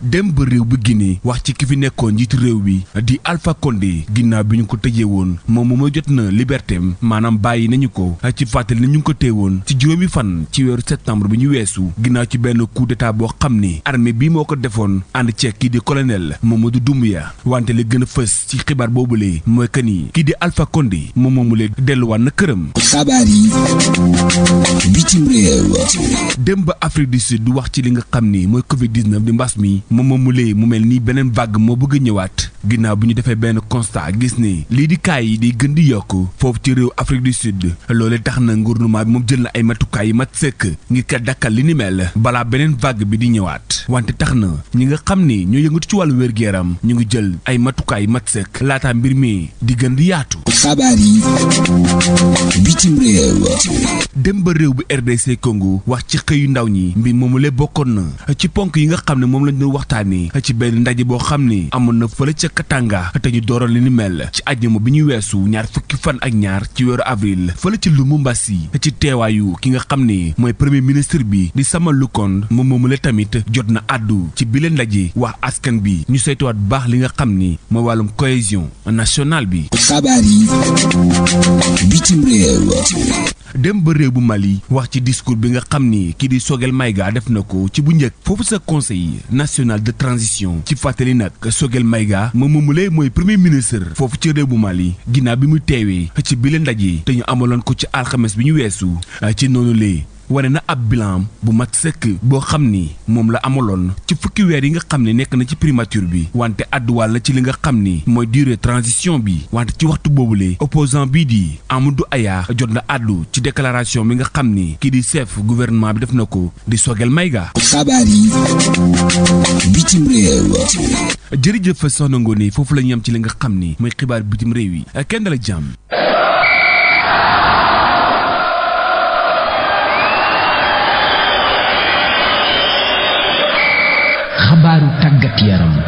dem ba réew bu Guinée wax ci ki fi nekkoon njiitu réew bi di Alpha Condé ginnaaw bi ñu ko tëjee woon moom mooma jot na liberté maanaam bàyyi nañu ko ci fàttali na ñu ko téye woon ci juróomi fan ci weeru septembre bi ñu weesu ginnaaw ci benn coup d'état boo xam ni armée bi moo ko defoon ànd ceeg kii di colonel Mamadou Doumbouya wante li gën a fës ci xibaar boobule mooy que ni kii di Alpha Condé moom moomu lee delluwaat këram. xabaar yi bitim réew. dem ba Afrique du Sud du wax ci li nga xam ni mooy Covid 19 di mbas mi moom moom mu mu mel nii beneen vague moo bëgg ñëwaat ginnaaw bi ñu defee benn constat gis ni lii di kaay yi di gën di yokk foofu ci réew Afrique di Sud loolee tax na gouvernement bi moom jël na ay matukaay yi mat sëkk ngir kat dakkal li ni mel balaa beneen vague bi di ñëwaat wante tax na ñi nga xam ni ñoo yëngatu ci wàllu wér-gu-yaram ñu ngi jël ay matukaay mat sëkk laata mbir mi di gën di yaatu. bitim dem ba réew bi RDC Congo wax ci xëyu ndaw ñi mbir moomu le bokkoon na ci ponk yi nga xam ne moom lañ doon waxtaanee ci benn ndaje boo xam ni amoon na fële ca Katanga te ñu dooral li ni mel ci àjjuma bi ñu weesu ñaar fukki fan ak ñaar ci weeru avril fële ci yi ci teewaayu ki nga xam ni mooy premier ministre bi di Sama Lukonde moom moomu le tamit jot na àddu ci bile ndaje wax askan bi ñu saytuwaat baax li nga xam ni mooy wàllum cohésion nationale bi. bitim dem ba réew bu Mali wax ci discours bi nga xam ni kii di Sogel Maïga def na ko ci bu njëkk foofu sa conseil national de transition ci fàttali nag Sogel Maïga moom moomu lay mooy premier ministre foofu ci réew bu Mali ginnaaw bi mu teewee ci bile ndaje te ñu amaloon ko ci alxames bi ñu weesu ci noonu lee wane na ab bilan bu mat sëkk boo xam ni moom la amaloon ci fukki weer yi nga xam ne nekk na ci primature bi wante àdduwaal la ci li nga xam ni mooy durée transition bi wante ci waxtu boobu boobule opposant bii di Amadou Aya jot na àddu ci déclaration bi nga xam ni kii di chef guvernement bi def na ko di Sogel Maïga. xabaar yi bitim réew. jërëjëf soxna yi foofu la ñu am ci li nga xam ni mooy xibaar bitim réew yi kenn dala jàmm. yaram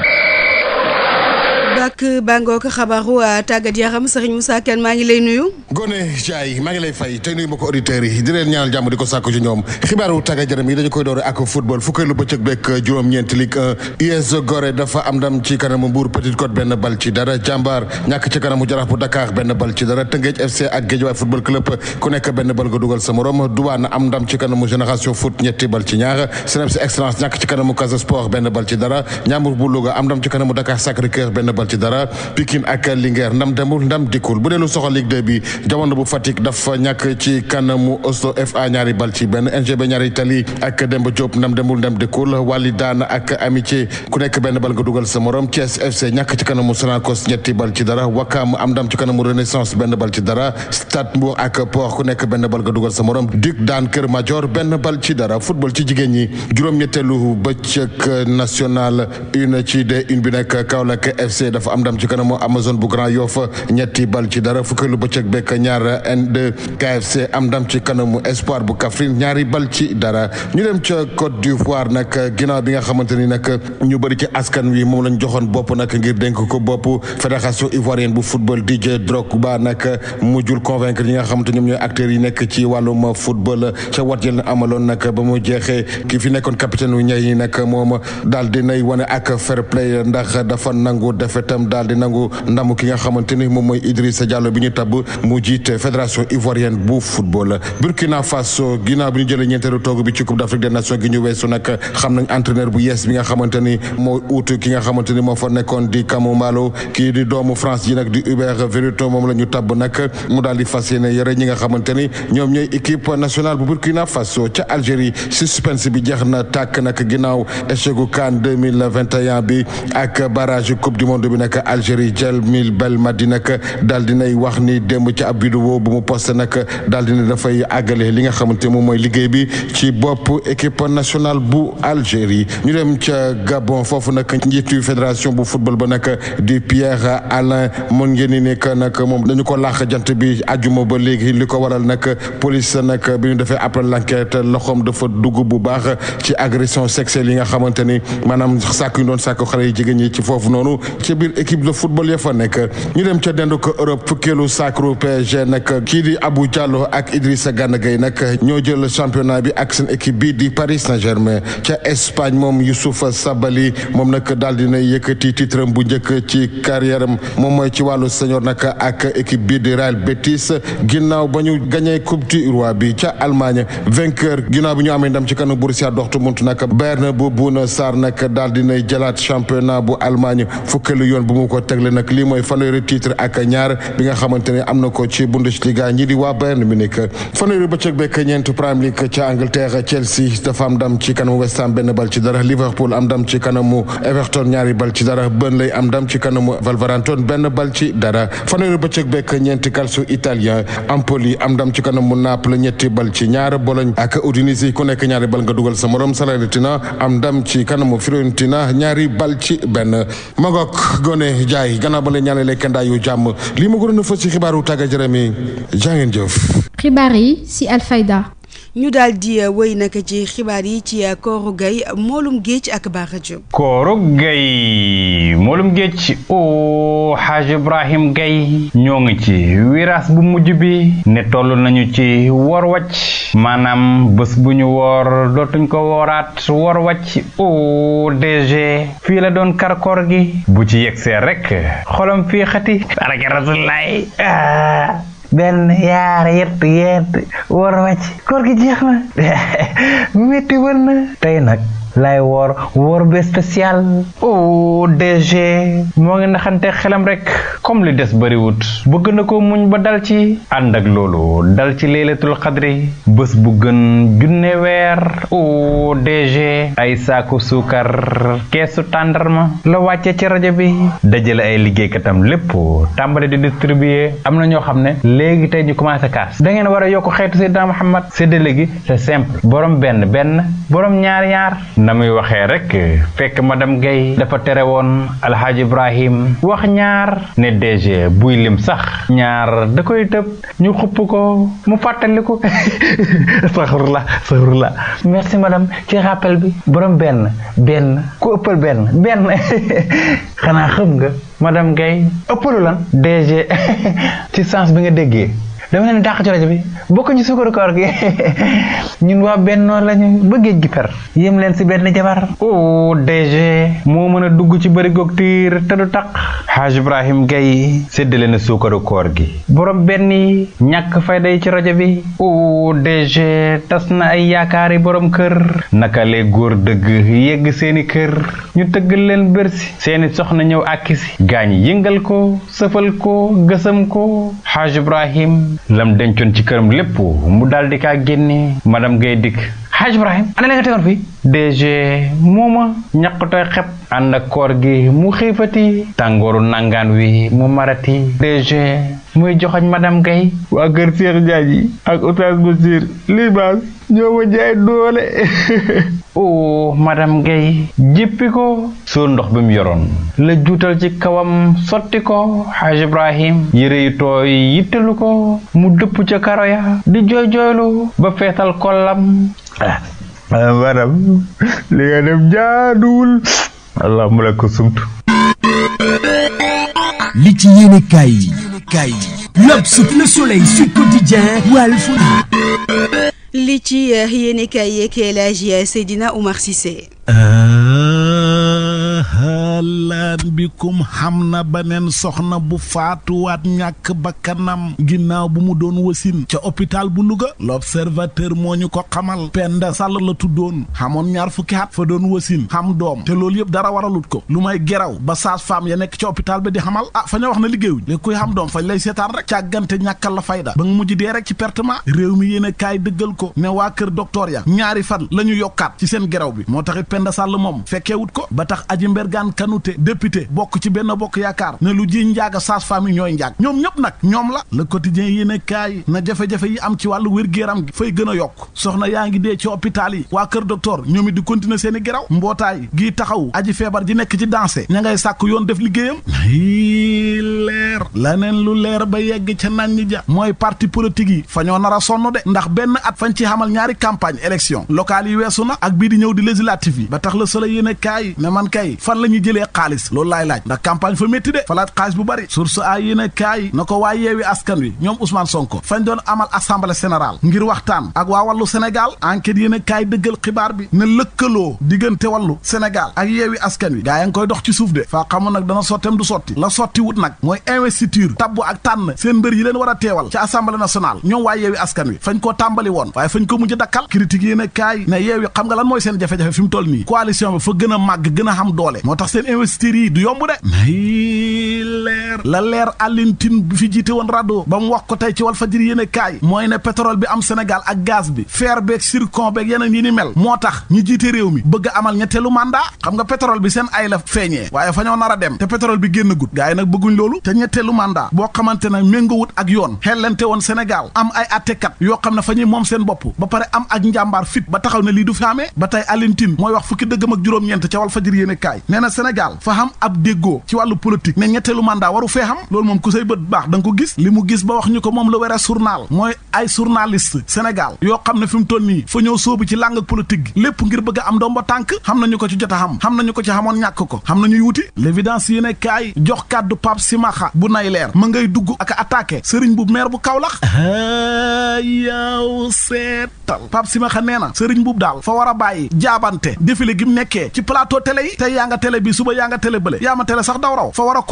ak bàngook xabaaru euh, tàggat yaram Serigne Moussa Kane maa ngi lay nuyu. Ngoné Ndiaye maa ngi lay fay te nuyu mbokki auditeurs yi di leen ñaanal jàmm di ko sàkku ci ñoom xibaaru tàggat yaram yi dañu koy door ak football fukkeelu bëccëg beeg juróom-ñeent Ligue 1 US Gorée dafa am ndam ci kanamu Mbour Petite Côte benn bal ci dara jàmbaar ñàkk ci kanamu Jaraaf bu Dakar benn bal ci dara Tëngéej FC ak Guédiawaye football club ku nekk benn bal nga dugal sa dara Pikine ak Linguère ndam demul ndam dikkul bu dee lu soxal Ligue 2 bi jamono bu Fatick dafa ñàkk ci kanamu Oslo ñaari bal ci benn NGB ñaari tali ak Demba Diop ndam demul ndam dikkul wàlli daan ak amitié ku nekk benn bal nga dugal sa morom Thiès FC ñàkk ci kanamu Sonacos ñetti bal ci dara Wakaam am ndam ci kanamu Renaissance benn bal ci dara Stade Mbour ak Port ku nekk benn bal nga dugal sa morom Duc daan Kër Major benn bal ci dara football ci jigéen ñi juróom-ñetteelu bëccëg national une ci D bi nekk Kaolack FC dafa am ndam ci kanamu Amazone bu Grand Yoff ñetti bal ci dara fukkeelu bëccëg bekk ñaar n KFC am ndam ci kanamu Espoir bu Kaffrine ñaari bal ci dara ñu dem ca Côte d'Ivoire nag ginnaaw bi nga xamante ni nag ñu bëri ci askan wi moom lañ joxoon bopp nag ngir dénk ko bopp fédération ivoirienne bu football DJ Drogba nag mujjul convaincre yi nga xamante ñoom ñooy acteurs yi nekk ci wàllum football ca wat yéen amaloon nag ba mu jeexee ki fi nekkoon capitaine wu ñay itam daal di nangu ndamu ki nga xamante ni moom mooy Idrissa Diallo bi ñu tabb mu jiit fédération ivoirienne bu football Burkina Faso ginnaaw bi ñu jëlee ñeenteelu toog bi ci Coupe d'Afrique des Nations gi ñu weesu nag xam nañ entraîneur bu yees bi nga xamante ni moo uut ki nga xamante ni moo fa nekkoon di Kamou Malo kii di doomu France ji nag di Hubert Verito moom la ñu tabb nag mu daal di fas yéene yore ñi nga xamante ni ñoom ñooy équipe nationale bu Burkina Faso ca Algérie suspense bi jeex na tàkk nag ginnaaw échec gu CAN 2021 bi ak barrage coupe du monde bi nag nag Algérie Djamil Belmadi nag daal nay wax ni démb ci ab vidéo bu mu posté nag daal dina dafay àggale li nga xamante moom mooy liggéey bi ci bopp équipe nationale bu Algérie ñu dem ca Gabon foofu nag njiitu fédération bu football ba nag di Pierre mën ngeen ni nekk nag moom dañu ko laax jant bi àjjuma ba léegi li ko waral nag police nag bi ñu defee après l'enquête loxoom dafa dugg bu baax ci agression sexuelle yi nga xamante ni maanaam sàkk yu doon sàkk xale yi jigéen ñi ci foofu noonu ci biir équipe de football ya fa nekk ñu dem ca dendu ko Europe fukkeelu sacre PSG nag kii di abu Diallo ak sa Gana Gueye nag ñoo jël championnat bi ak seen équipe bi di Paris Saint-Germain ca Espagne moom Youssouf Sabali moom nag daal dina yëkkati titre bu njëkk ci carrière am moom mooy ci wàllu senior nag ak équipe bi di Real Betis ginnaaw ba ñu gagné coupe du roi bi ca Allemagne vainqueur ginnaaw bi ñu amee ndam ci kanu Borussia Dortmund nag Bayern bu Bouna Sarr nag daal dina jëlaat championnat bu Allemagne fukkeelu nangu ko tegle nag lii mooy fanweeri titre ak ñaar bi nga xamante ne am na ko ci Bundesliga ñi di waa Bayern Munich fanweeri bëccëg bekk ñeent Premier League ca Angleterre Chelsea dafa am ndam ci kanamu West Ham benn bal ci dara Liverpool am ndam ci kanamu Everton ñaari bal ci dara Burnley am ndam ci kanamu Wolverhampton benn bal ci dara fanweeri bëccëg bekk ñeent Calcio italien Empoli am ndam ci kanamu Naples ñetti bal ci ñaar Bologne ak Udinese ku nekk ñaari bal nga dugal sa morom Salernitana am ndam ci kanamu Fiorentina ñaari bal ci benn Ngoné Ndiaye gannaaw ba la ñaanalee kandaayu jàmm lii ma gënoon a fës ci xibaaru tàggat yaram yi jaa ngeen jëf. xibaar yi ci Alfayda. ñu daal di eh, wéy nag ci xibaar yi ci eh, kooru gay moolum géej ak Bara Diop kooru gay moolum géej o xaaj Ibrahim gay ñoo ngi ci wiraas bu mujj bi ne tollu nañu ci wor wacc maanaam bés bu ñu woor dootuñ ko wooraat wor wacc o DG fii la doon kar koor gi bu ci yegsee rek xolam fii xati barke rasulaay ah. benn yaar yett yett war ma ci koor gi jeex na [laughs] metti woon tey nag lay woor woor bi spécial o DG moo ngi naxante xelam rek comme li des bariwut bëgg na ko muñ ba dal ci ànd ak loolu dal ci leelatul xadri bés bu gën junne weer o DG ay saaku suukar keesu tàndarma la wàcce ci rajo bi dajale ay liggéeykatam lépp tàmbali di distribuer am na ñoo xam ne léegi tey ñu commencé kaas da ngeen war a yokk xeetu Seydina Muhammad séddale gi c'est simple borom benn benn borom ñaar ñaar na muy waxee rek fekk madame Guèye dafa tere woon alxaaji Ibrahim wax ñaar ne DG buy lim sax ñaar da koy tëb ñu xupp ko mu fàttaliku [laughs] saxurla saxurla merci madame ci rappel bi borom benn benn ku ëppal benn benn [laughs] xanaa xam nga madame Guèye ëppalu lan DG [laughs] ci sens bi nga déggee dama leen dàq ci rajo bi bokkuñu suukaru koor gi [laughs] ñun waa bennoo lañu ba gi per yéem leen si benn jabar o oh, DG moo mën a dugg ci bërigoog tiir te du taq Haaj Ibrahim Gaye séddale na suukaru koor gi borom benn yi ñàkk fayda yi ci rajo bi o oh, DG tas na ay yaakaari borom kër naka lee góor dëgg yegg seeni kër ñu tëgg leen bërsi seeni soxna ñëw àkki si gaañ yëngal ko sëfal ko gësam ko Haaj Ibrahim lam dencoon ci këram lépp mu daal di kaa génne madame Gaye dikk Hadj Ibrahim ana la nga tegoon fii DG mooma ñaqutooy xep ànd ak koor gi mu xiifati tàngooru nangaan wi mu marati DG muy joxoñ madame Gaye waa kër Cheikh Ndiaye yi ak oustaz Bachir libaas ñoo ma jaay doole [laughs] o madame Gaye jéppi ko soo ndox bi mu yoroon la juutal ci kawam sotti ko Hadj Ibrahim yére mu dëpp ca karo ya di jooy jooylu ba feesal kollam maanaam ah, li nga def jaaduwul allah mu la ko sumtu li ci yéene kaay yi kaay yi L'Obs, Le Soleil, Sud Quotidien, Walf li ci eh, yéene kaay yeeg El Hadji Seydina Oumar Cissé euh, ahlan bikum xam na ba beneen soxna bu faatuwaat ñàkk bakkanam ginnaaw bu mu doon wasin ca hôpital bu Louga l'observateur moo ñu ko xamal Penda Sall la tuddoon xamoon ñaar fukki at fa doon wasin xam doom te loolu yëpp dara waralut ko lu may geraw ba sage-femme ya nekk ca hôpital ba di xamal a ah, fa ñoo wax na liggéeyuñ léegi kuy xam doom fañ lay seetaan rek càggante ñàkkal la fayda ba nga mujj dee rek ci pertement réew mi yéen a kaay dëggal ko ne waa kër docteur ya ñaari fan la ñu yokkaat ci seen geraw bi moo tax aji mbergaan kan lanu député bokk ci benn bokk yaakaar ne lu ji njaaga saas femme yi ñooy njaag ñoom ñëpp nag ñoom la le quotidien yi ne kaay na jafe-jafe yi am ci wàllu wér-gu-yaram gi fay gën a yokk soxna yaa ngi dee ci hôpital yi waa kër docteur ñoom it di continuer seen i geraw mbootaay gi taxaw aji feebar ji nekk ci dansé ña ngay sàkk yoon def liggéeyam leer laneen lu leer ba yegg ca nan ja mooy parti politique yi fa ñoo nar a sonn de ndax benn at fañ ci xamal ñaari campagne élection locale yi weesu na bii di ñëw di législatif yi tax la Soleil yéene kaay ne man kay jëlee xaalis loolu laay laaj ndax campagne fa métti de falaat xaalis bu bari source a yéen a kaay na ko waa yeewi askan wi ñoom Ousmane Sonko fañ doon amal assemblée générale ngir waxtaan ak waa wàllu Sénégal enquête yéen a kaay dëggal xibaar bi ne lëkkaloo diggante wàllu Sénégal ak yeewi askan wi gaa ya ngi koy dox ci suuf de faa xamoon nag dana sottem du sotti la sotti wut nag mooy investiture tabbu ak tànn seen mbër yi leen war a teewal ci assemblée nationale ñoom waa yeewi askan wi fañ koo tàmbali woon waaye ko mujj dakkal critique yéen a kaay ne yeewi xam lan mooy seen jafe fi mu toll nii coalition bi fa gën a màgg gën a xam doole investir yi du yomb de may leer la leer Alintine bi fi jiite woon rado ba mu wax ko tey ci wal fajiri yéen e kaay mooy ne pétrole bi am Sénégal ak gaz bi fer beeg zircon be yeneen yi ni mel moo tax ñu jiite réew mi bëgg amal ñetteelu mandat xam nga pétrole bi seen ay la feeñee waaye fa nar a dem te pétrole bi génn gut gaa yi nag bëgguñ loolu te ñetteelu mandat boo xamante ne méngawut ak yoon xellente woon Sénégal am ay attekat yoo xam ne fa moom seen bopp ba pare am ak njàmbaar fit ba taxaw ne lii du fi amee ba tey Alintine mooy wax fukki dëggam ak juróom-ñeent wal fajiri yéen e kaay Sénégal fa xam ab déggoo ci wàllu politique ne ñetteelu mandat waru fee xam loolu moom ku say bët baax da ko gis li mu gis ba wax ñu ko moom la wéree journal mooy ay journaliste Sénégal yoo xam ne fi mu toll nii fa ñëw sóobu ci làng politique gi lépp ngir bëgg a am ndomba tànk xam nañu ko ci jot a xam xam nañu ko ci xamoon ñàkk ko xam nañuy wuti l'évidence yéene kaay jox kàddu Pape Simaxa bu nay leer ma ngay dugg ak attaqué sëriñ bu maire bu Kaolack [laughs] ah, yaw seetal Pape Simaxa nee na sëriñ bu daal fa a bàyyi jaabante défilé gi mu nekkee suba yaa nga télé bële yaa ma sax daw raw fa war a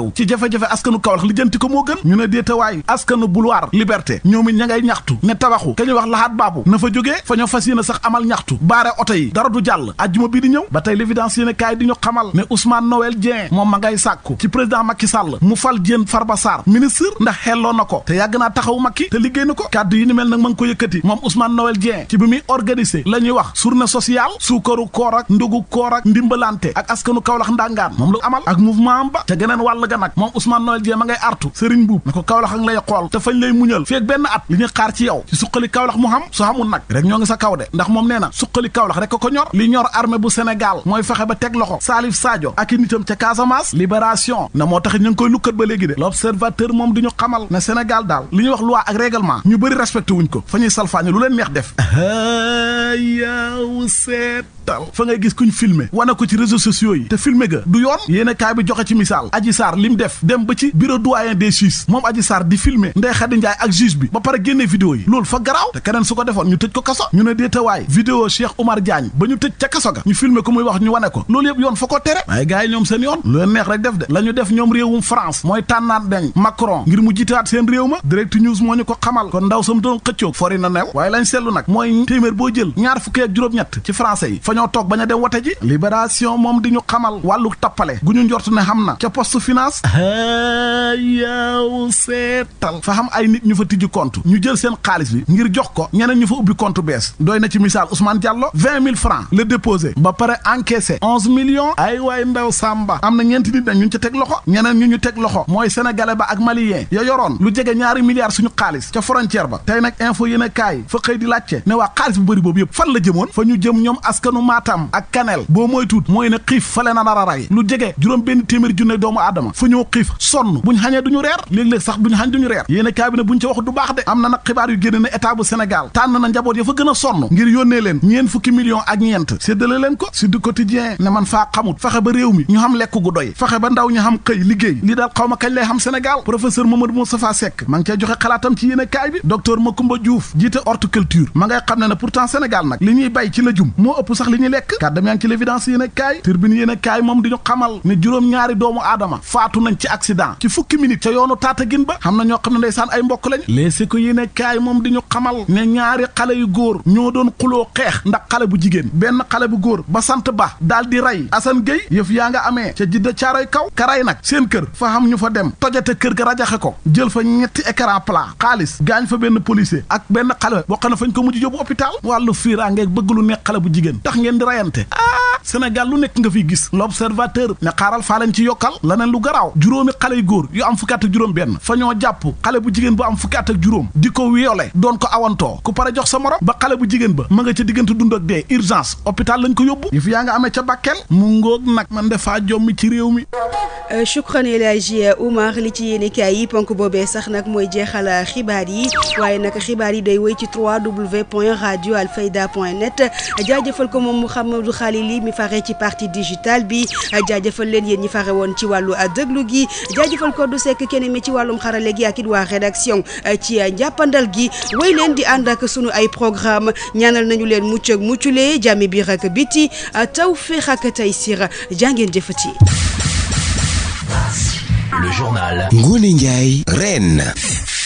wu ci jafe-jafe askanu Kaolack li jënti ko moo gën ñu ne déetawaay askanu boulevard liberté ñoom it ngay ñaxtu ne tabaxu ka ñuy wax laxaat baabu na fa jógee fa ñoo fas yéene sax amal ñaxtu baare oto yi dara du jàll ajjuma bi di ñëw ba tey l'évidence yéene kaay di ñu xamal ne Ousmane Noël Dieng moom ma ngay sàkku ci président Macky Sall mu fal Diène Farba Sarr ministre ndax xelloo na ko te yàgg naa taxaw Macky te liggéey na ko kàddu yi ni mel nag ma ko yëkkati moom Ousmane Noël Dieng ci bi muy organiser la ñuy wax journée sociale suukaru koor ak ndugu koor ak ndimbalante ak askanu Kaolack ndangaan moom la amal ak mouvement am ba ca geneen wàll ga nag moom Ousmane Noël Dieng ma ngay artu Serigne Boub ne ko Kaolack ak lay xool te fañ lay muñal feeg benn at li ñu xaar ci yow ci suqali Kaolack mu xam su xamul nag rek ñoo ngi sa kaw de ndax moom nee na suqali Kaolack rek ko ñor li ñor armée bu Sénégal mooy fexe ba teg loxo Salif Sadio ak i nitam ca Casamance libération na moo tax ñu ngi koy lukkat ba léegi de l'observateur moom di ñu xamal ne Sénégal daal li ñuy wax loi ak règlement ñu bëri respecté wuñ ko fa ñuy salfaañe lu leen neex def [laughs] yow dal fa ngay gis kuñ filmé wane ko ci réseaux sociaux yi te filmé ga du yoon yéen bi joxe ci misaal Adji Sarr li def dem ba ci bureau doyen des juges moom Adji Sarr di filmé Ndeye Khady Ndiaye ak juge bi ba pare génnee vidéo yi loolu fa garaaw te keneen su ko defoon ñu tëj ko kaso ñu ne déetawaay vidéo Cheikh Oumar Diagne ba ñu tëj ca kaso ga ñu filmé ko muy wax ñu wane ko loolu yëpp yoon fa ko tere waaye gars ñoom seen yoon lu leen neex rek def de la kon ndaw sam doon xëccoog fori na new waaye lañ seetlu nag mooy téeméer ñett ci dañoo toog bañ a dem wote ji libération moom di ñu xamal wàllu tappale gu ñu njort ne xam na ca poste finance yaw seetal fa xam ay nit ñu fa tijji compte ñu jël seen xaalis bi ngir jox ko ñeneen ñu fa ubbi compte bees doy na ci misaal Ousmane Diallo vingt mille francs le déposé ba pare encaissé onze millions ay waay ndaw Samba am na ñeenti nit nag ñun ca teg loxo ñeneen ñu ñu teg loxo mooy sénégalais ba ak malien ya yoroon lu jege ñaari milliards suñu xaalis ca frontière ba tey nag info yéen a kaay fa xëy di laajte bu bëri boobu yëpp fan la jëmoon fa ñu jëm Matam ak Kanel boo moytuut mooy ne xiif fale na nar a rey lu jege juróom benn téeméeri junne doomu aadama fa ñoo xiif sonn buñ xañee duñu reer léeg-léeg sax duñ xañ duñu reer yéene kaay bi ne buñ ca wax du baax de am na nag xibaar yu génne ne état bu Sénégal tànn na njaboot ya fa gën sonn ngir yónnee leen ñeen fukki millions ak ñeent séddale leen ko si du quotidien ne man faa xamut fexe ba réew mi ñu xam lekk gu doy fexe ba ndaw ñu xam xëy liggéey li daal xaw ma kañ lay xam Sénégal professeur Mamadou Moustapha Seck ma ngi cay joxe xalaatam ci yéene kaay bi docteur li ñuy bay li ñu lekk kàddam yaa ngi ci l'évidence yéen a kaay turbine yéen a kaay moom di ñu xamal ne juróom-ñaari doomu aadama faatu nañ ci accident ci fukki minute ca yoonu Tataguine ba xam na ñoo xam ne ndeysaan ay mbokk lañ léesi ko yéen a kaay moom di ñu xamal ne ñaari xale yu góor ñoo doon xuloo xeex ndax xale bu jigéen benn xale bu góor ba sant ba daal di rey Assane Gueye yëf yaa nga amee ca jidda caaroy kaw karay nag seen kër fa xam ñu fa dem tojate kër ga rajaxe ko jël fa ñetti écran plat xaalis gaañ fa benn policier ak benn xale boo xam ne fañ ko mujj yóbbu hôpital wàllu fiiraangeeg bëgg lu neex bu jigéen ngeen di rayante ah Sénégal lu nekk nga fiy gis l'observateur mais xaaral faa leen ci yokkal laneen lu garaaw juróomi xale yu góor yu am fukki at ak juróom benn fa ñoo jàpp xale bu jigéen bu am fukki at ak juróom di ko wiole doon ko awantoo ku pare jox sa morom ba xale bu jigéen ba ma nga ca diggante dund ak dee urgence hôpital lañ ko yóbbu yëf yaa nga amee ca Bakel mu ngoog nag man defaa jommi ci réew mi euh, euh, li ci yéenekaay yi ponk boobee sax nag mooy jeexal euh, xibaar yi waaye nag xibaar yi day wéy ci 3w point radio alfayda point net jaajëfal moom Mouhamadou Khalili mi fare ci partie digitale bi jaajafal leen yéen ñi fare woon ci wàllu déglu gi jaajëfal Codou Seck keneen mi ci wàllum xarale gi ak it waa rédaction ci njàppandal gi wéy leen di ànd ak sunu ay programme ñaanal nañu leen mucc ak mucculee jàmmi biir ak biti tawféex ak taysir jàngeen jëfati Le journal Ngoné